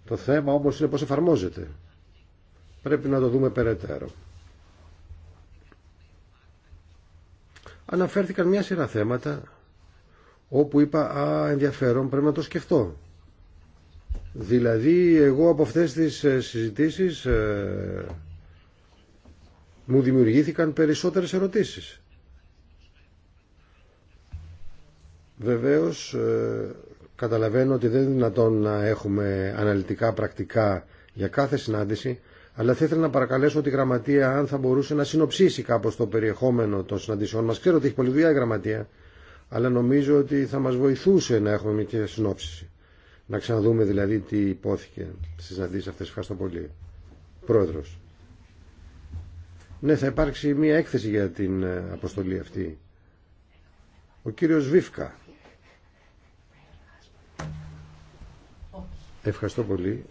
Το θέμα όμως είναι πώς εφαρμόζεται. Πρέπει να το δούμε περαιτέρω. Αναφέρθηκαν μια σειρά θέματα όπου είπα «Α, ενδιαφέρον, πρέπει να το σκεφτώ». Δηλαδή, εγώ από αυτές τις ε, συζητήσεις ε, μου δημιουργήθηκαν περισσότερες ερωτήσεις. Βεβαίως, ε, Καταλαβαίνω ότι δεν είναι δυνατόν να έχουμε αναλυτικά πρακτικά για κάθε συνάντηση, αλλά θα ήθελα να παρακαλέσω τη Γραμματεία αν θα μπορούσε να συνοψίσει κάπως το περιεχόμενο των συναντήσεών μας. Ξέρω ότι έχει πολύ δουλειά η Γραμματεία, αλλά νομίζω ότι θα μας βοηθούσε να έχουμε μια συνόψηση. Να ξαναδούμε δηλαδή τι υπόθηκε στις συναντήσεις αυτές. Ευχαριστώ πολύ. Πρόεδρος. Ναι, θα υπάρξει μια έκθεση για την ε, αποστολή αυτή. Ο κύριος Βίφκα. Ευχαριστώ πολύ.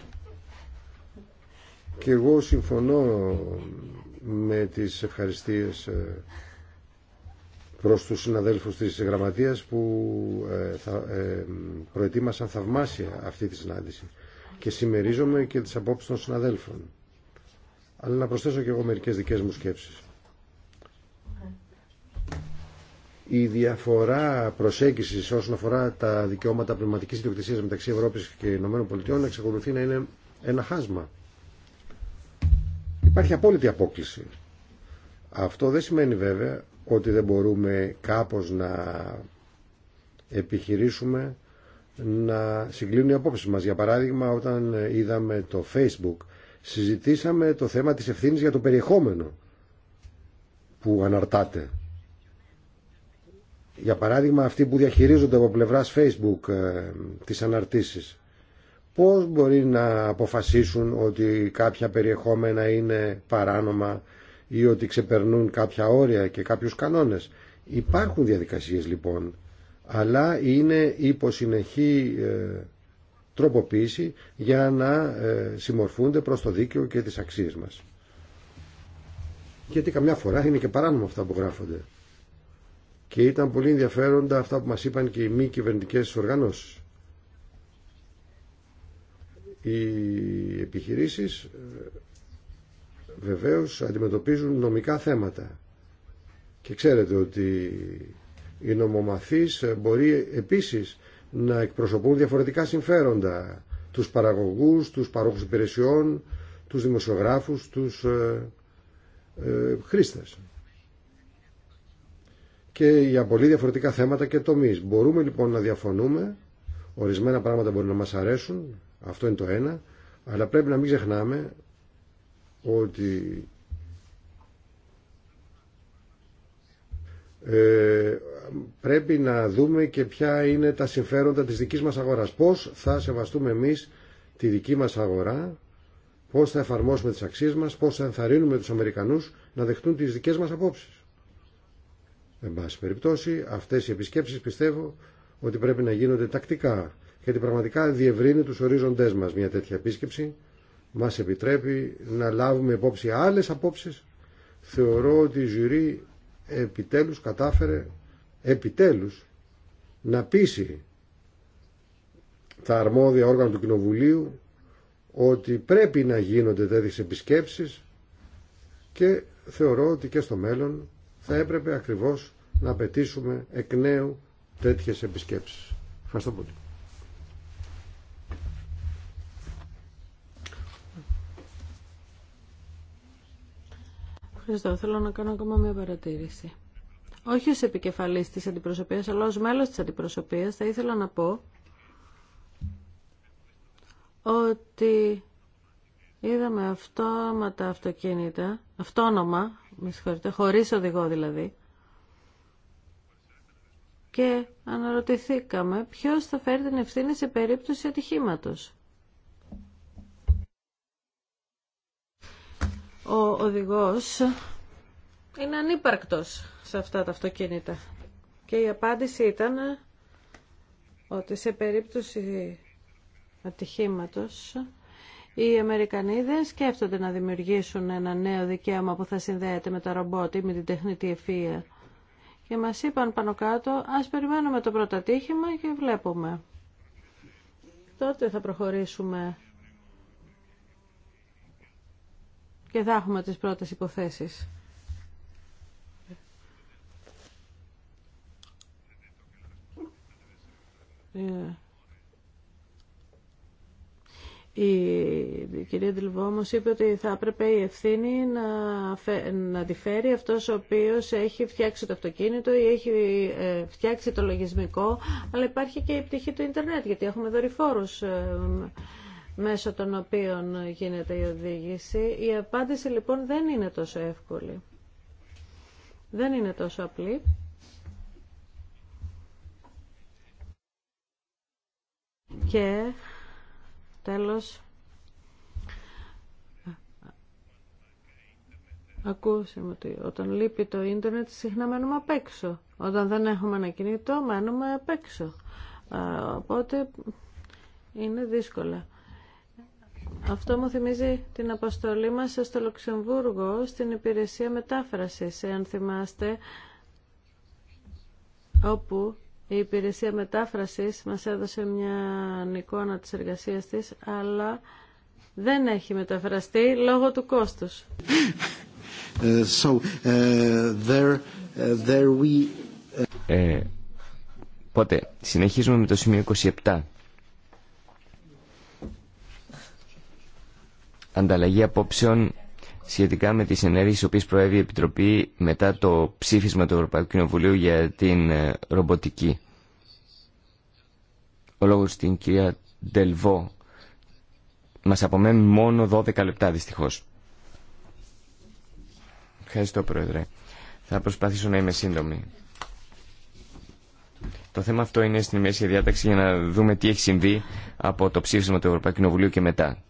Και εγώ συμφωνώ με τις ευχαριστίες ε, προς τους συναδέλφους της Γραμματείας που ε, ε, προετοίμασαν θαυμάσια αυτή τη συνάντηση και συμμερίζομαι και τις απόψεις των συναδέλφων. Αλλά να προσθέσω και εγώ μερικές δικές μου σκέψεις. η διαφορά προσέγγιση όσον αφορά τα δικαιώματα πνευματική ιδιοκτησία μεταξύ Ευρώπης και Ηνωμένων Πολιτειών εξακολουθεί να είναι ένα χάσμα. Υπάρχει απόλυτη απόκληση. Αυτό δεν σημαίνει βέβαια ότι δεν μπορούμε κάπως να επιχειρήσουμε να συγκλίνουν οι απόψεις μας. Για παράδειγμα, όταν είδαμε το Facebook, συζητήσαμε το θέμα της ευθύνης για το περιεχόμενο που αναρτάται για παράδειγμα αυτοί που διαχειρίζονται από πλευράς Facebook ε, τις αναρτήσεις πώς μπορεί να αποφασίσουν ότι κάποια περιεχόμενα είναι παράνομα ή ότι ξεπερνούν κάποια όρια και κάποιους κανόνες υπάρχουν διαδικασίες λοιπόν αλλά είναι υποσυνεχή ε, τροποποίηση για να ε, συμμορφούνται προς το δίκαιο και τις αξίες μας γιατί καμιά φορά είναι και παράνομα αυτά που γράφονται και ήταν πολύ ενδιαφέροντα αυτά που μας είπαν και οι μη κυβερνητικέ οργανώσεις. Οι επιχειρήσεις βεβαίως αντιμετωπίζουν νομικά θέματα. Και ξέρετε ότι οι νομομαθείς μπορεί επίσης να εκπροσωπούν διαφορετικά συμφέροντα. Τους παραγωγούς, τους παρόχους υπηρεσιών, τους δημοσιογράφους, τους ε, ε χρήστες και για πολύ διαφορετικά θέματα και τομεί. Μπορούμε λοιπόν να διαφωνούμε, ορισμένα πράγματα μπορεί να μα αρέσουν, αυτό είναι το ένα, αλλά πρέπει να μην ξεχνάμε ότι ε, πρέπει να δούμε και ποια είναι τα συμφέροντα της δικής μας αγοράς. Πώς θα σεβαστούμε εμείς τη δική μας αγορά, πώς θα εφαρμόσουμε τις αξίες μας, πώς θα ενθαρρύνουμε τους Αμερικανούς να δεχτούν τις δικές μας απόψεις. Εν πάση περιπτώσει, αυτέ οι επισκέψει πιστεύω ότι πρέπει να γίνονται τακτικά, γιατί πραγματικά διευρύνει τους ορίζοντές μας μια τέτοια επίσκεψη, Μα επιτρέπει να λάβουμε υπόψη άλλες απόψεις. Θεωρώ ότι η ζουρή επιτέλους κατάφερε, επιτέλους, να πείσει τα αρμόδια όργανα του Κοινοβουλίου ότι πρέπει να γίνονται τέτοιες επισκέψεις και θεωρώ ότι και στο μέλλον θα έπρεπε ακριβώς να απαιτήσουμε εκ νέου τέτοιες επισκέψεις. Ευχαριστώ πολύ. Ευχαριστώ. Θέλω να κάνω ακόμα μια παρατήρηση. Όχι ως επικεφαλής της αντιπροσωπείας, αλλά ως μέλος της αντιπροσωπείας θα ήθελα να πω ότι είδαμε αυτόματα αυτοκίνητα, αυτόνομα με συγχωρείτε, χωρίς οδηγό δηλαδή. Και αναρωτηθήκαμε ποιος θα φέρει την ευθύνη σε περίπτωση ατυχήματος. Ο οδηγός είναι ανύπαρκτος σε αυτά τα αυτοκίνητα. Και η απάντηση ήταν ότι σε περίπτωση ατυχήματος οι Αμερικανοί δεν σκέφτονται να δημιουργήσουν ένα νέο δικαίωμα που θα συνδέεται με τα ρομπότ ή με την τεχνητή ευφύεια. Και μας είπαν πάνω κάτω, ας περιμένουμε το πρώτο και βλέπουμε. Τότε θα προχωρήσουμε και θα έχουμε τις πρώτες υποθέσεις. Ε, η κυρία Δηλυβόμος όμως είπε ότι θα έπρεπε η ευθύνη να, να τη φέρει αυτός ο οποίος έχει φτιάξει το αυτοκίνητο ή έχει ε, φτιάξει το λογισμικό, αλλά υπάρχει και η πτυχή του ίντερνετ, γιατί έχουμε δορυφόρους ε, μέσω των οποίων γίνεται η οδήγηση. Η απάντηση λοιπόν δεν είναι τόσο εύκολη. Δεν είναι τόσο απλή. Και Τέλος. Ακούσαμε ότι όταν λείπει το ίντερνετ συχνά μένουμε απ' έξω. Όταν δεν έχουμε ένα κινητό μένουμε απ' έξω. Οπότε είναι δύσκολα. Αυτό μου θυμίζει την αποστολή μας στο Λουξεμβούργο στην υπηρεσία μετάφρασης, εάν θυμάστε, όπου η υπηρεσία μετάφρασης μας έδωσε μια εικόνα της εργασίας της, αλλά δεν έχει μεταφραστεί λόγω του κόστους. Ε, so, ε, ε, συνεχίζουμε με το σημείο 27. Ανταλλαγή απόψεων σχετικά με τις ενέργειες οι οποίες προέβη η Επιτροπή μετά το ψήφισμα του Ευρωπαϊκού Κοινοβουλίου για την ε, ρομποτική. Ο λόγος στην κυρία Ντελβό. Μας απομένουν μόνο 12 λεπτά δυστυχώς. Ευχαριστώ Πρόεδρε. Θα προσπαθήσω να είμαι σύντομη. Το θέμα αυτό είναι στην ημερήσια διάταξη για να δούμε τι έχει συμβεί από το ψήφισμα του Ευρωπαϊκού Κοινοβουλίου και μετά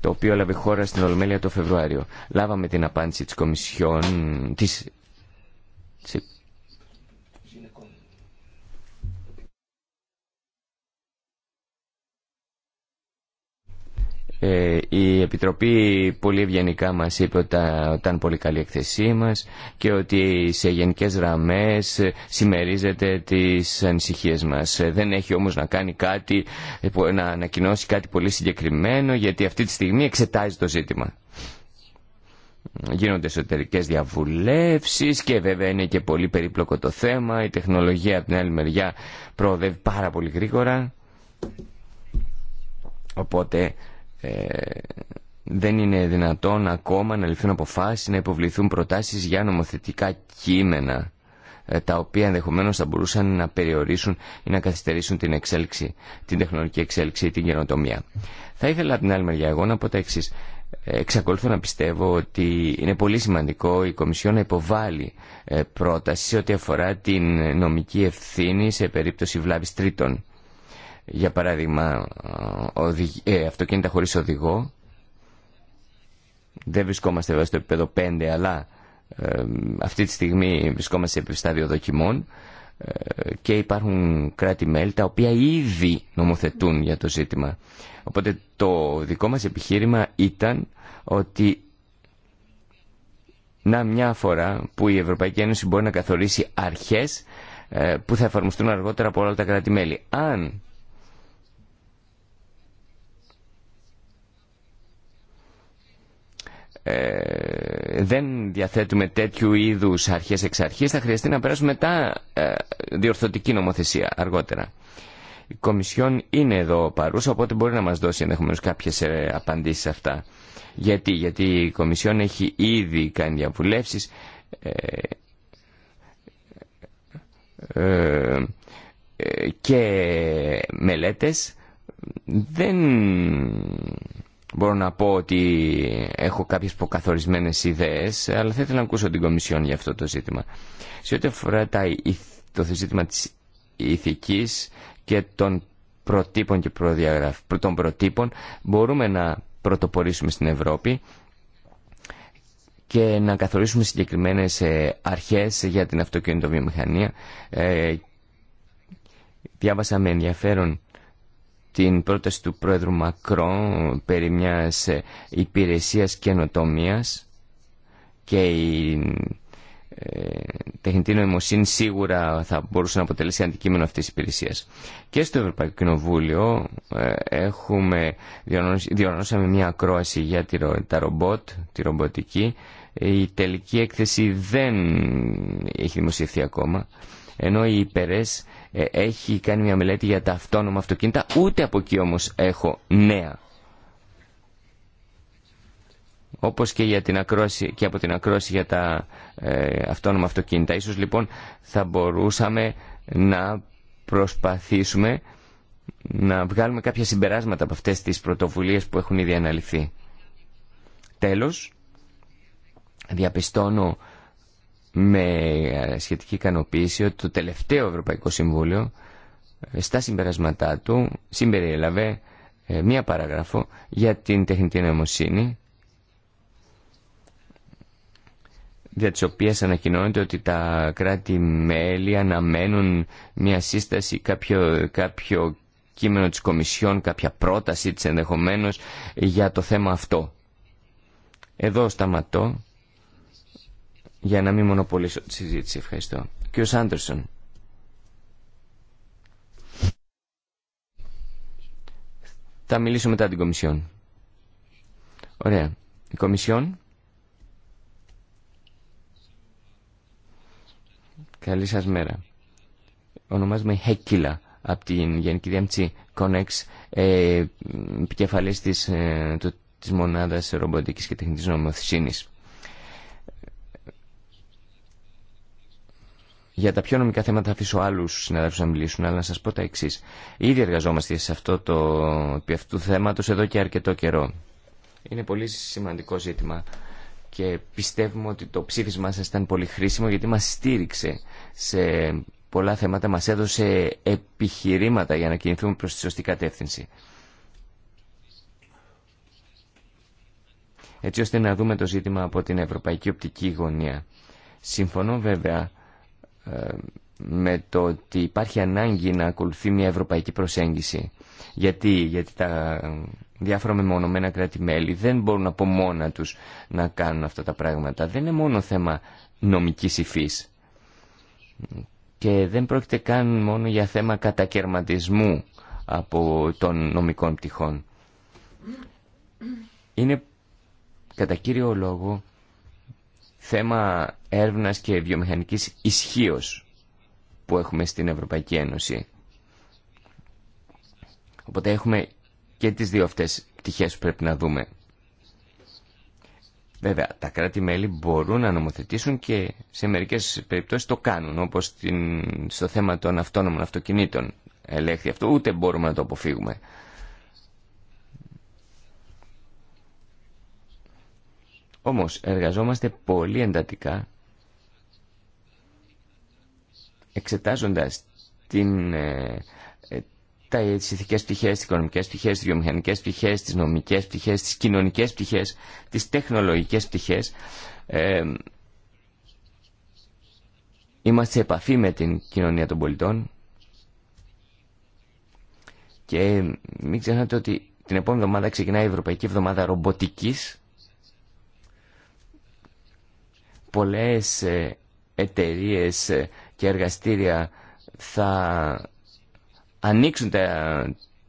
το οποίο έλαβε χώρα στην Ολομέλεια το Φεβρουάριο. Λάβαμε την απάντηση της Κομισιόν, της, Ε, η Επιτροπή πολύ ευγενικά μας είπε ότι ήταν πολύ καλή εκθεσή μας και ότι σε γενικές γραμμές συμμερίζεται τις ανησυχίες μας. Ε, δεν έχει όμως να κάνει κάτι, ε, να ανακοινώσει κάτι πολύ συγκεκριμένο γιατί αυτή τη στιγμή εξετάζει το ζήτημα. Γίνονται εσωτερικέ διαβουλεύσει και βέβαια είναι και πολύ περίπλοκο το θέμα. Η τεχνολογία από την άλλη μεριά προοδεύει πάρα πολύ γρήγορα. Οπότε ε, δεν είναι δυνατόν ακόμα να ληφθούν αποφάσεις, να υποβληθούν προτάσεις για νομοθετικά κείμενα ε, τα οποία ενδεχομένω θα μπορούσαν να περιορίσουν ή να καθυστερήσουν την εξέλιξη, την τεχνολογική εξέλιξη ή την καινοτομία. Θα ήθελα από την άλλη μεριά εγώ να πω τα εξή. Ε, εξακολουθώ να πιστεύω ότι είναι πολύ σημαντικό η Κομισιόν να υποβάλει πρόταση ό,τι αφορά την νομική ευθύνη σε περίπτωση βλάβης τρίτων. Για παράδειγμα, ε, αυτοκίνητα χωρίς οδηγό. Δεν βρισκόμαστε βέβαια στο επίπεδο 5, αλλά ε, αυτή τη στιγμή βρισκόμαστε σε επιστάδιο δοκιμών ε, και υπάρχουν κράτη-μέλη τα οποία ήδη νομοθετούν για το ζήτημα. Οπότε το δικό μας επιχείρημα ήταν ότι να μια φορά που η Ευρωπαϊκή Ένωση μπορεί να καθορίσει αρχές που θα εφαρμοστούν αργότερα από όλα τα κράτη-μέλη. Αν Ε, δεν διαθέτουμε τέτοιου είδους αρχές εξ αρχής, θα χρειαστεί να περάσουμε τά ε, διορθωτική νομοθεσία αργότερα. Η Κομισιόν είναι εδώ παρούσα, οπότε μπορεί να μας δώσει ενδεχομένως κάποιες ε, απαντήσεις σε αυτά. Γιατί, γιατί η Κομισιόν έχει ήδη κάνει διαβουλεύσεις, ε, και μελέτες δεν μπορώ να πω ότι έχω κάποιες προκαθορισμένες ιδέες, αλλά θα ήθελα να ακούσω την Κομισιόν για αυτό το ζήτημα. Σε ό,τι αφορά το ζήτημα της ηθικής και των προτύπων και προδιαγραφών των μπορούμε να πρωτοπορήσουμε στην Ευρώπη και να καθορίσουμε συγκεκριμένες ε, αρχές για την αυτοκινητοβιομηχανία. Ε, διάβασα με ενδιαφέρον την πρόταση του πρόεδρου Μακρόν περί μιας ε, υπηρεσίας καινοτομίας και η ε, τεχνητή νοημοσύνη σίγουρα θα μπορούσε να αποτελέσει αντικείμενο αυτής της υπηρεσίας. Και στο Ευρωπαϊκό Κοινοβούλιο ε, έχουμε, μια ακρόαση για τη, τα ρομπότ, τη ρομποτική. Η τελική έκθεση δεν έχει δημοσιευθεί ακόμα. Ενώ η Υπερές ε, έχει κάνει μια μελέτη για τα αυτόνομα αυτοκίνητα, ούτε από εκεί όμως έχω νέα. Όπως και, για την ακρόση, και από την ακρόση για τα ε, αυτόνομα αυτοκίνητα. Ίσως λοιπόν θα μπορούσαμε να προσπαθήσουμε να βγάλουμε κάποια συμπεράσματα από αυτές τις πρωτοβουλίες που έχουν ήδη αναλυθεί. Τέλος, διαπιστώνω με ε, σχετική ικανοποίηση ότι το τελευταίο Ευρωπαϊκό Συμβούλιο ε, στα συμπερασματά του συμπεριέλαβε ε, μία παράγραφο για την τεχνητή νοημοσύνη δια της οποίας ανακοινώνεται ότι τα κράτη-μέλη αναμένουν μία σύσταση κάποιο, κάποιο κείμενο της Κομισιόν, κάποια πρόταση της ενδεχομένως για το θέμα αυτό. Εδώ σταματώ για να μην μονοπολίσω τη συζήτηση. Ευχαριστώ. Κύριο Άντερσον. Θα μιλήσω μετά την Κομισιόν. Ωραία. Η Κομισιόν. Καλή σας μέρα. Ονομάζομαι Χέκυλα από την Γενική Διαμτσή Κόνεξ, επικεφαλής της, ε, της μονάδας ρομποτικής και τεχνητής νομοθεσίνης. Για τα πιο νομικά θέματα θα αφήσω άλλου συναδέλφου να μιλήσουν, αλλά να σα πω τα εξή. Ήδη εργαζόμαστε σε αυτό το, επί αυτού εδώ και αρκετό καιρό. Είναι πολύ σημαντικό ζήτημα και πιστεύουμε ότι το ψήφισμά σας ήταν πολύ χρήσιμο γιατί μας στήριξε σε πολλά θέματα, μας έδωσε επιχειρήματα για να κινηθούμε προς τη σωστή κατεύθυνση. Έτσι ώστε να δούμε το ζήτημα από την ευρωπαϊκή οπτική γωνία. Συμφωνώ βέβαια με το ότι υπάρχει ανάγκη να ακολουθεί μια ευρωπαϊκή προσέγγιση. Γιατί, γιατί τα διάφορα μεμονωμένα κράτη-μέλη δεν μπορούν από μόνα τους να κάνουν αυτά τα πράγματα. Δεν είναι μόνο θέμα νομικής υφής. Και δεν πρόκειται καν μόνο για θέμα κατακαιρματισμού από των νομικών πτυχών. Είναι κατά κύριο λόγο θέμα έρευνας και βιομηχανικής ισχύω που έχουμε στην Ευρωπαϊκή Ένωση. Οπότε έχουμε και τις δύο αυτές πτυχές που πρέπει να δούμε. Βέβαια, τα κράτη-μέλη μπορούν να νομοθετήσουν και σε μερικές περιπτώσεις το κάνουν, όπως στο θέμα των αυτόνομων αυτοκινήτων ελέγχθη αυτό, ούτε μπορούμε να το αποφύγουμε. Όμως εργαζόμαστε πολύ εντατικά εξετάζοντας την, ε, ε, τα, τις ηθικές πτυχές, τις οικονομικές πτυχές, τις βιομηχανικές πτυχές, τις νομικές πτυχές, τις κοινωνικές πτυχές, τις τεχνολογικές πτυχές. Ε, είμαστε σε επαφή με την κοινωνία των πολιτών και μην ξεχνάτε ότι την επόμενη εβδομάδα ξεκινά η Ευρωπαϊκή Εβδομάδα Ρομποτικής πολλές ε, εταιρείε ε, και εργαστήρια θα ανοίξουν,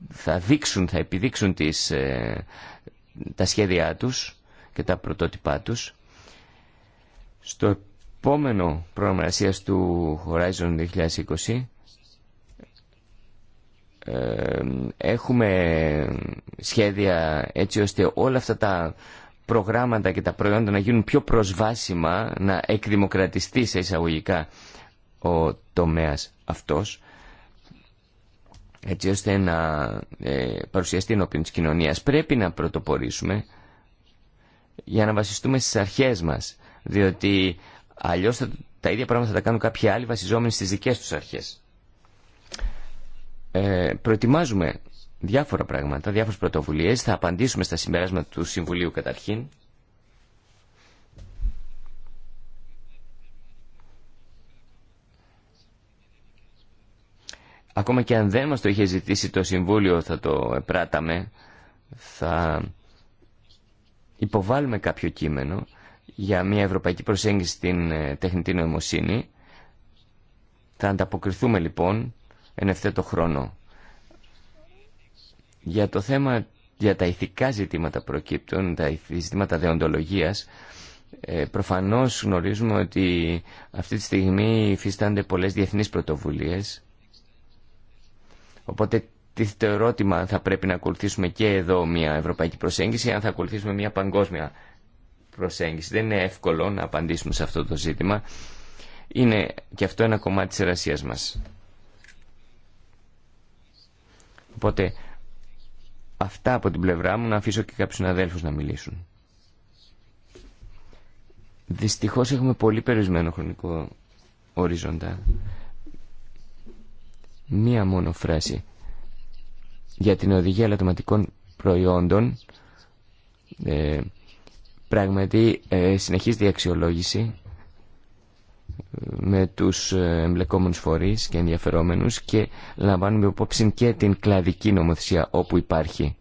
θα δείξουν, θα επιδείξουν τις, ε, τα σχέδιά τους και τα πρωτότυπά τους. Στο επόμενο πρόγραμμα του Horizon 2020 έχουμε σχέδια έτσι ώστε όλα αυτά τα προγράμματα και τα προϊόντα να γίνουν πιο προσβάσιμα, να εκδημοκρατιστεί σε εισαγωγικά ο τομέας αυτός, έτσι ώστε να ε, παρουσιαστεί ενώπιον της κοινωνίας. Πρέπει να πρωτοπορήσουμε για να βασιστούμε στις αρχές μας, διότι αλλιώς τα ίδια πράγματα θα τα κάνουν κάποιοι άλλοι βασιζόμενοι στις δικές τους αρχές. Ε, προετοιμάζουμε διάφορα πράγματα, διάφορες πρωτοβουλίες. Θα απαντήσουμε στα συμπεράσματα του Συμβουλίου καταρχήν. Ακόμα και αν δεν μας το είχε ζητήσει το Συμβούλιο θα το επράταμε, θα υποβάλουμε κάποιο κείμενο για μια ευρωπαϊκή προσέγγιση στην ε, τεχνητή νοημοσύνη. Θα ανταποκριθούμε λοιπόν εν ευθέτω χρόνο για το θέμα, για τα ηθικά ζητήματα προκύπτουν, τα ζητήματα δεοντολογίας, ε, προφανώς γνωρίζουμε ότι αυτή τη στιγμή υφίστανται πολλές διεθνείς πρωτοβουλίες. Οπότε τίθεται ερώτημα αν θα πρέπει να ακολουθήσουμε και εδώ μια ευρωπαϊκή προσέγγιση, αν θα ακολουθήσουμε μια παγκόσμια προσέγγιση. Δεν είναι εύκολο να απαντήσουμε σε αυτό το ζήτημα. Είναι και αυτό ένα κομμάτι της εργασίας μας. Οπότε Αυτά από την πλευρά μου να αφήσω και κάποιους συναδέλφους να μιλήσουν. Δυστυχώς έχουμε πολύ περιορισμένο χρονικό οριζόντα. Μία μόνο φράση για την οδηγία ελαττωματικών προϊόντων. Ε, πράγματι ε, συνεχίζεται η αξιολόγηση με τους ε, εμπλεκόμενους φορείς και ενδιαφερόμενους και λαμβάνουμε υπόψη και την κλαδική νομοθεσία όπου υπάρχει.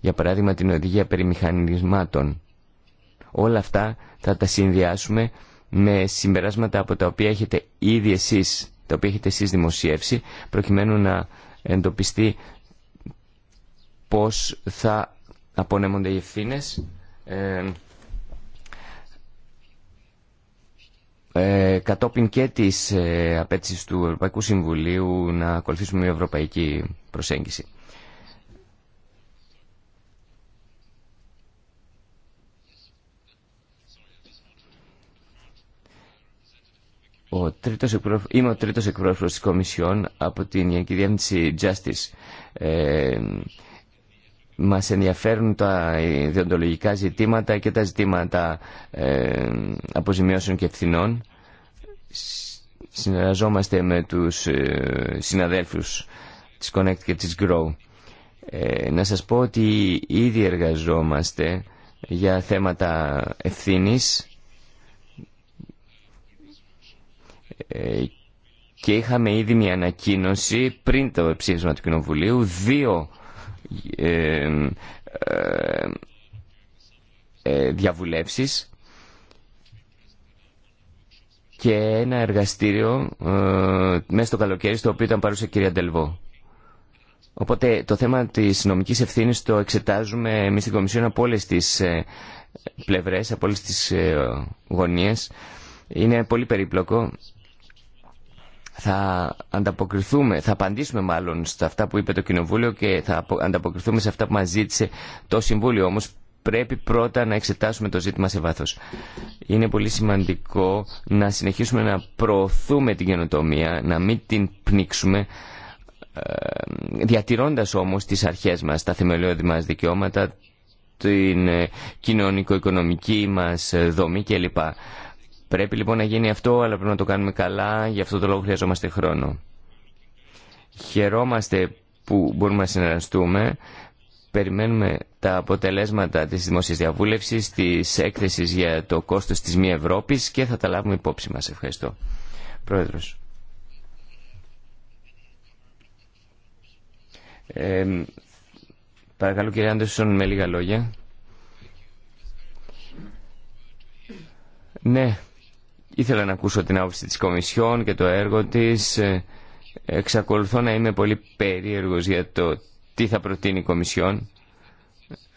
Για παράδειγμα την οδηγία περί μηχανισμάτων. Όλα αυτά θα τα συνδυάσουμε με συμπεράσματα από τα οποία έχετε ήδη εσείς, τα οποία έχετε εσείς δημοσιεύσει, προκειμένου να εντοπιστεί πώς θα απονέμονται οι ευθύνες ε, Ε, κατόπιν και τη ε, απέτηση του Ευρωπαϊκού Συμβουλίου να ακολουθήσουμε μια ευρωπαϊκή προσέγγιση. Ο τρίτος Είμαι ο τρίτος εκπρόσωπος της Κομισιόν από την Γενική Διεύθυνση Justice. Ε, μας ενδιαφέρουν τα ιδεοντολογικά ζητήματα και τα ζητήματα ε, αποζημιώσεων και ευθυνών. Συνεργαζόμαστε με τους ε, συναδέλφους της Connect και της Grow. Ε, να σας πω ότι ήδη εργαζόμαστε για θέματα ευθύνης ε, και είχαμε ήδη μια ανακοίνωση πριν το ψήφισμα του Κοινοβουλίου δύο ε, ε, ε, διαβουλεύσεις και ένα εργαστήριο μέσα στο καλοκαίρι στο οποίο ήταν παρούσα η κυρία Ντελβό. Οπότε το θέμα της νομικής ευθύνης το εξετάζουμε εμείς στην Κομισιόν από όλες τις πλευρές, από όλες τις γωνίες. Είναι πολύ περίπλοκο θα ανταποκριθούμε, θα απαντήσουμε μάλλον στα αυτά που είπε το Κοινοβούλιο και θα ανταποκριθούμε σε αυτά που μας ζήτησε το Συμβούλιο. Όμως πρέπει πρώτα να εξετάσουμε το ζήτημα σε βάθος. Είναι πολύ σημαντικό να συνεχίσουμε να προωθούμε την καινοτομία, να μην την πνίξουμε, ε, διατηρώντας όμως τις αρχές μας, τα θεμελιώδη μας δικαιώματα, την ε, κοινωνικο-οικονομική μας ε, δομή κλπ. Πρέπει λοιπόν να γίνει αυτό, αλλά πρέπει να το κάνουμε καλά, γι' αυτό το λόγο χρειαζόμαστε χρόνο. Χαιρόμαστε που μπορούμε να συνεργαστούμε. Περιμένουμε τα αποτελέσματα της δημόσιας διαβούλευσης, της έκθεσης για το κόστος της μη Ευρώπης και θα τα λάβουμε υπόψη μας. Ευχαριστώ. Πρόεδρος. Ε, παρακαλώ κύριε Άντερσον με λίγα λόγια. Ναι, Ήθελα να ακούσω την άποψη της Κομισιόν και το έργο της. Ε, εξακολουθώ να είμαι πολύ περίεργος για το τι θα προτείνει η Κομισιόν.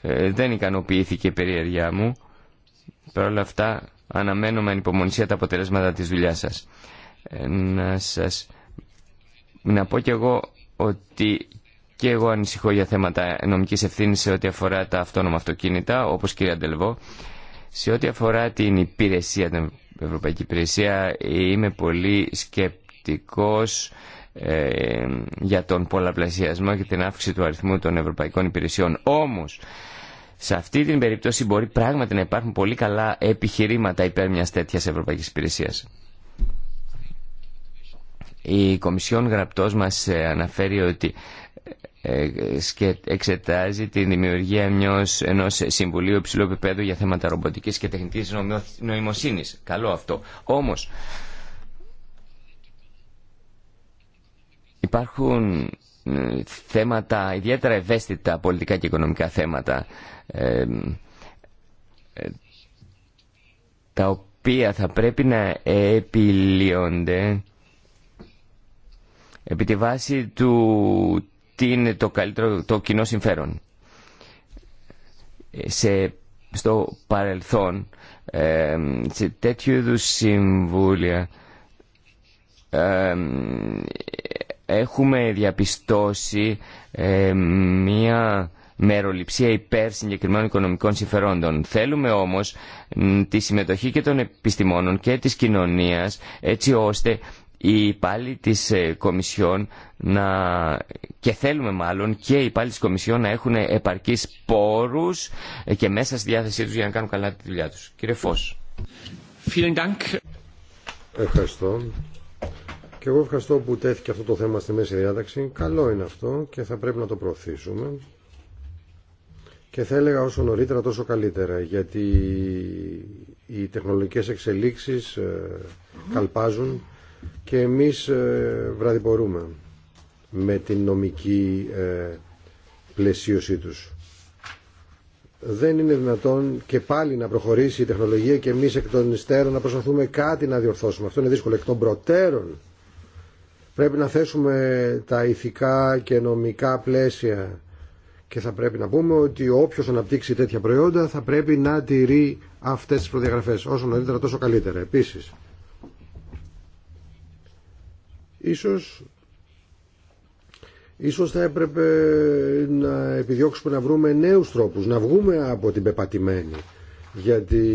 Ε, δεν ικανοποιήθηκε η περίεργιά μου. Παρ' όλα αυτά αναμένω με ανυπομονησία τα αποτελέσματα της δουλειάς σας. Ε, να σας... Να πω κι εγώ ότι και εγώ ανησυχώ για θέματα νομικής ευθύνης σε ό,τι αφορά τα αυτόνομα αυτοκίνητα, όπως κύρια Αντελβό. Σε ό,τι αφορά την υπηρεσία, Ευρωπαϊκή Υπηρεσία είμαι πολύ σκεπτικός ε, για τον πολλαπλασιασμό και την αύξηση του αριθμού των ευρωπαϊκών υπηρεσιών. Όμως, σε αυτή την περίπτωση μπορεί πράγματι να υπάρχουν πολύ καλά επιχειρήματα υπέρ μιας τέτοιας ευρωπαϊκής υπηρεσίας. Η Κομισιόν Γραπτός μας ε, αναφέρει ότι ε, ε, ε, εξετάζει την δημιουργία μιας, ενός συμβουλίου υψηλού επίπεδου για θέματα ρομποτικής και τεχνητής νοημοσύνης. Καλό αυτό. Όμως υπάρχουν θέματα ιδιαίτερα ευαίσθητα πολιτικά και οικονομικά θέματα τα οποία θα πρέπει να επιλύονται επί τη βάση του τι είναι το καλύτερο, το κοινό συμφέρον. Ε, σε, στο παρελθόν, ε, σε τέτοιου είδου συμβούλια ε, έχουμε διαπιστώσει μία μεροληψία υπέρ συγκεκριμένων οικονομικών συμφερόντων. Θέλουμε όμως τη συμμετοχή και των επιστημόνων και της κοινωνίας έτσι ώστε οι υπάλληλοι της ε, Κομισιόν να, και θέλουμε μάλλον και οι υπάλληλοι της Κομισιόν να έχουν επαρκείς πόρους ε, και μέσα στη διάθεσή τους για να κάνουν καλά τη δουλειά τους. Κύριε Φως. Ευχαριστώ. Και εγώ ευχαριστώ που τέθηκε αυτό το θέμα στη μέση διάταξη. Καλό είναι αυτό και θα πρέπει να το προωθήσουμε. Και θα έλεγα όσο νωρίτερα τόσο καλύτερα, γιατί οι τεχνολογικές εξελίξεις ε, καλπάζουν και εμείς ε, βραδιπορούμε με την νομική ε, πλαισίωσή τους. Δεν είναι δυνατόν και πάλι να προχωρήσει η τεχνολογία και εμείς εκ των υστέρων να προσπαθούμε κάτι να διορθώσουμε. Αυτό είναι δύσκολο. Εκ των προτέρων πρέπει να θέσουμε τα ηθικά και νομικά πλαίσια και θα πρέπει να πούμε ότι όποιος αναπτύξει τέτοια προϊόντα θα πρέπει να τηρεί αυτές τις προδιαγραφές. Όσο νωρίτερα τόσο καλύτερα. Επίσης, Ίσως, ίσως θα έπρεπε να επιδιώξουμε να βρούμε νέους τρόπους, να βγούμε από την πεπατημένη. Γιατί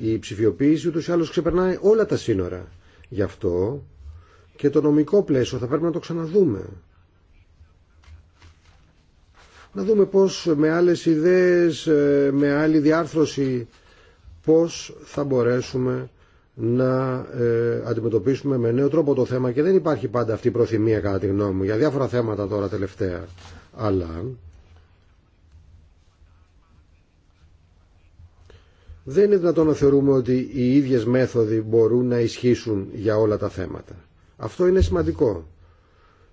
η ψηφιοποίηση ούτως ή άλλως ξεπερνάει όλα τα σύνορα. Γι' αυτό και το νομικό πλαίσιο θα πρέπει να το ξαναδούμε. Να δούμε πώς με άλλες ιδέες, ε, με άλλη διάρθρωση, πώς θα μπορέσουμε να ε, αντιμετωπίσουμε με νέο τρόπο το θέμα και δεν υπάρχει πάντα αυτή η προθυμία κατά τη γνώμη μου για διάφορα θέματα τώρα τελευταία. Αλλά δεν είναι δυνατόν να θεωρούμε ότι οι ίδιες μέθοδοι μπορούν να ισχύσουν για όλα τα θέματα. Αυτό είναι σημαντικό.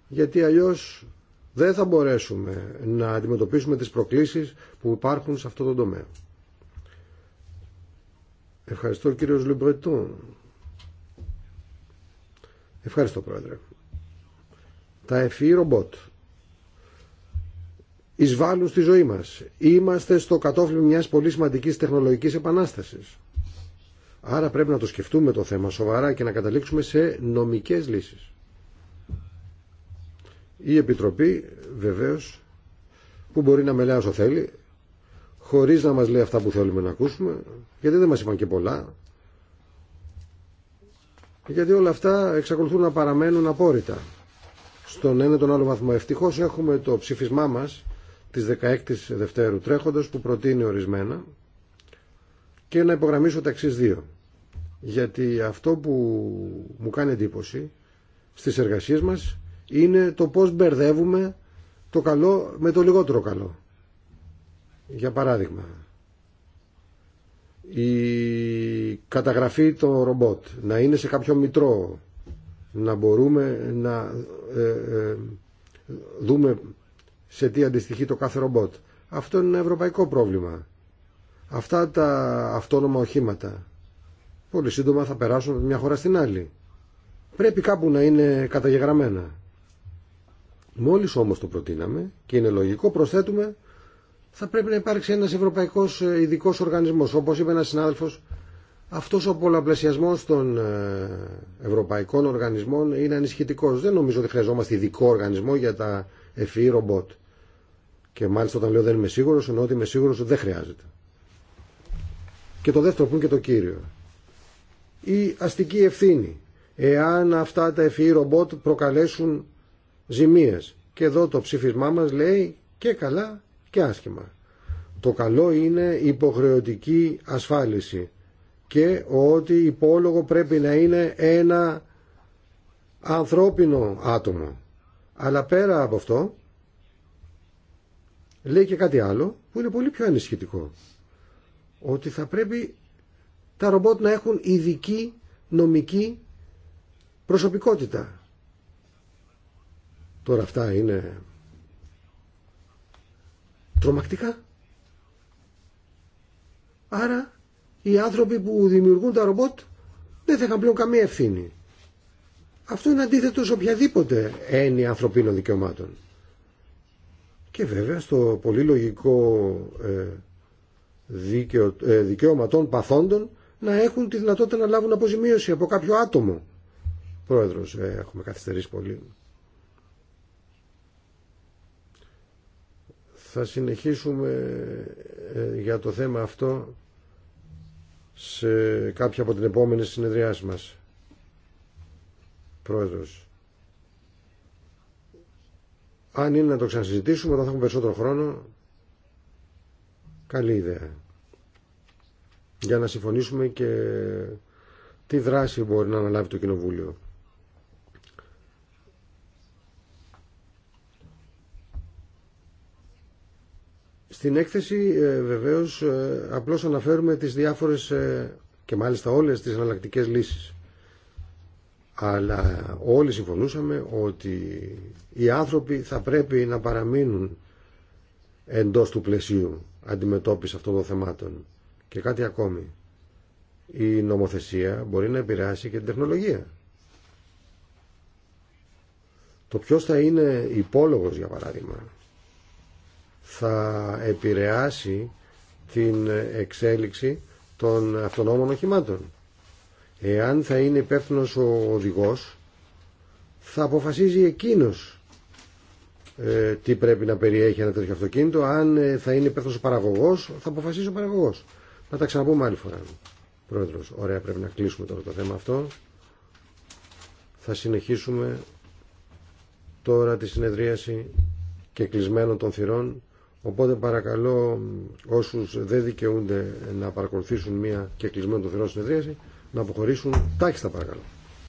Γιατί αλλιώς δεν θα μπορέσουμε να αντιμετωπίσουμε τις προκλήσεις που υπάρχουν σε αυτό το τομέα. Ευχαριστώ κύριος Λεμπρετών. Ευχαριστώ πρόεδρε. Τα F.E. ρομπότ εισβάλλουν στη ζωή μας. Είμαστε στο κατόφλι μιας πολύ σημαντικής τεχνολογικής επανάστασης. Άρα πρέπει να το σκεφτούμε το θέμα σοβαρά και να καταλήξουμε σε νομικές λύσεις. Η Επιτροπή βεβαίως που μπορεί να μελέα όσο θέλει χωρίς να μας λέει αυτά που θέλουμε να ακούσουμε, γιατί δεν μας είπαν και πολλά, γιατί όλα αυτά εξακολουθούν να παραμένουν απόρριτα. Στον ένα τον άλλο βαθμό. Ευτυχώς έχουμε το ψήφισμά μας της 16ης Δευτέρου τρέχοντος που προτείνει ορισμένα και να υπογραμμίσω τα εξής δύο. Γιατί αυτό που μου κάνει εντύπωση στις εργασίες μας είναι το πώς μπερδεύουμε το καλό με το λιγότερο καλό. Για παράδειγμα, η καταγραφή των ρομπότ να είναι σε κάποιο μητρό, να μπορούμε να ε, ε, δούμε σε τι αντιστοιχεί το κάθε ρομπότ. Αυτό είναι ένα ευρωπαϊκό πρόβλημα. Αυτά τα αυτόνομα οχήματα πολύ σύντομα θα περάσουν από μια χώρα στην άλλη. Πρέπει κάπου να είναι καταγεγραμμένα. Μόλις όμως το προτείναμε και είναι λογικό προσθέτουμε θα πρέπει να υπάρξει ένας ευρωπαϊκός ε, ειδικό οργανισμός. Όπως είπε ένας συνάδελφος, αυτός ο πολλαπλασιασμός των ε, ευρωπαϊκών οργανισμών είναι ανισχυτικός. Δεν νομίζω ότι χρειαζόμαστε ειδικό οργανισμό για τα FE ρομπότ. Και μάλιστα όταν λέω δεν είμαι σίγουρος, εννοώ ότι είμαι σίγουρο ότι δεν χρειάζεται. Και το δεύτερο που είναι και το κύριο. Η αστική ευθύνη. Εάν αυτά τα FE ρομπότ προκαλέσουν ζημίες. Και εδώ το ψήφισμά μας λέει και καλά και άσχημα. Το καλό είναι υποχρεωτική ασφάλιση και ότι υπόλογο πρέπει να είναι ένα ανθρώπινο άτομο. Αλλά πέρα από αυτό λέει και κάτι άλλο που είναι πολύ πιο ανησυχητικό. Ότι θα πρέπει τα ρομπότ να έχουν ειδική νομική προσωπικότητα. Τώρα αυτά είναι τρομακτικά. Άρα οι άνθρωποι που δημιουργούν τα ρομπότ δεν θα είχαν πλέον καμία ευθύνη. Αυτό είναι αντίθετο σε οποιαδήποτε έννοια ανθρωπίνων δικαιωμάτων. Και βέβαια στο πολύ λογικό ε, ε δικαίωμα των παθόντων να έχουν τη δυνατότητα να λάβουν αποζημίωση από κάποιο άτομο. Πρόεδρος, ε, έχουμε καθυστερήσει πολύ. Θα συνεχίσουμε ε, για το θέμα αυτό σε κάποια από την επόμενη συνεδριάση μας. Πρόεδρος. Αν είναι να το ξανασυζητήσουμε όταν θα έχουμε περισσότερο χρόνο, καλή ιδέα. Για να συμφωνήσουμε και τι δράση μπορεί να αναλάβει το Κοινοβούλιο. Στην έκθεση ε, βεβαίως ε, απλώς αναφέρουμε τις διάφορες ε, και μάλιστα όλες τις εναλλακτικέ λύσεις. Αλλά όλοι συμφωνούσαμε ότι οι άνθρωποι θα πρέπει να παραμείνουν εντός του πλαισίου αντιμετώπιση αυτών των θεμάτων. Και κάτι ακόμη. Η νομοθεσία μπορεί να επηρεάσει και την τεχνολογία. Το ποιος θα είναι υπόλογος, για παράδειγμα, θα επηρεάσει την εξέλιξη των αυτονόμων οχημάτων. Εάν θα είναι υπεύθυνο ο οδηγός, θα αποφασίζει εκείνος ε, τι πρέπει να περιέχει ένα τέτοιο αυτοκίνητο. Αν ε, θα είναι υπεύθυνο ο παραγωγός, θα αποφασίζει ο παραγωγός. Να τα ξαναπούμε άλλη φορά. Πρόεδρος, ωραία πρέπει να κλείσουμε τώρα το θέμα αυτό. Θα συνεχίσουμε τώρα τη συνεδρίαση και κλεισμένο των θυρών Οπότε παρακαλώ όσους δεν δικαιούνται να παρακολουθήσουν μια και κλεισμένο το θερών συνεδρίαση να αποχωρήσουν τάχιστα παρακαλώ.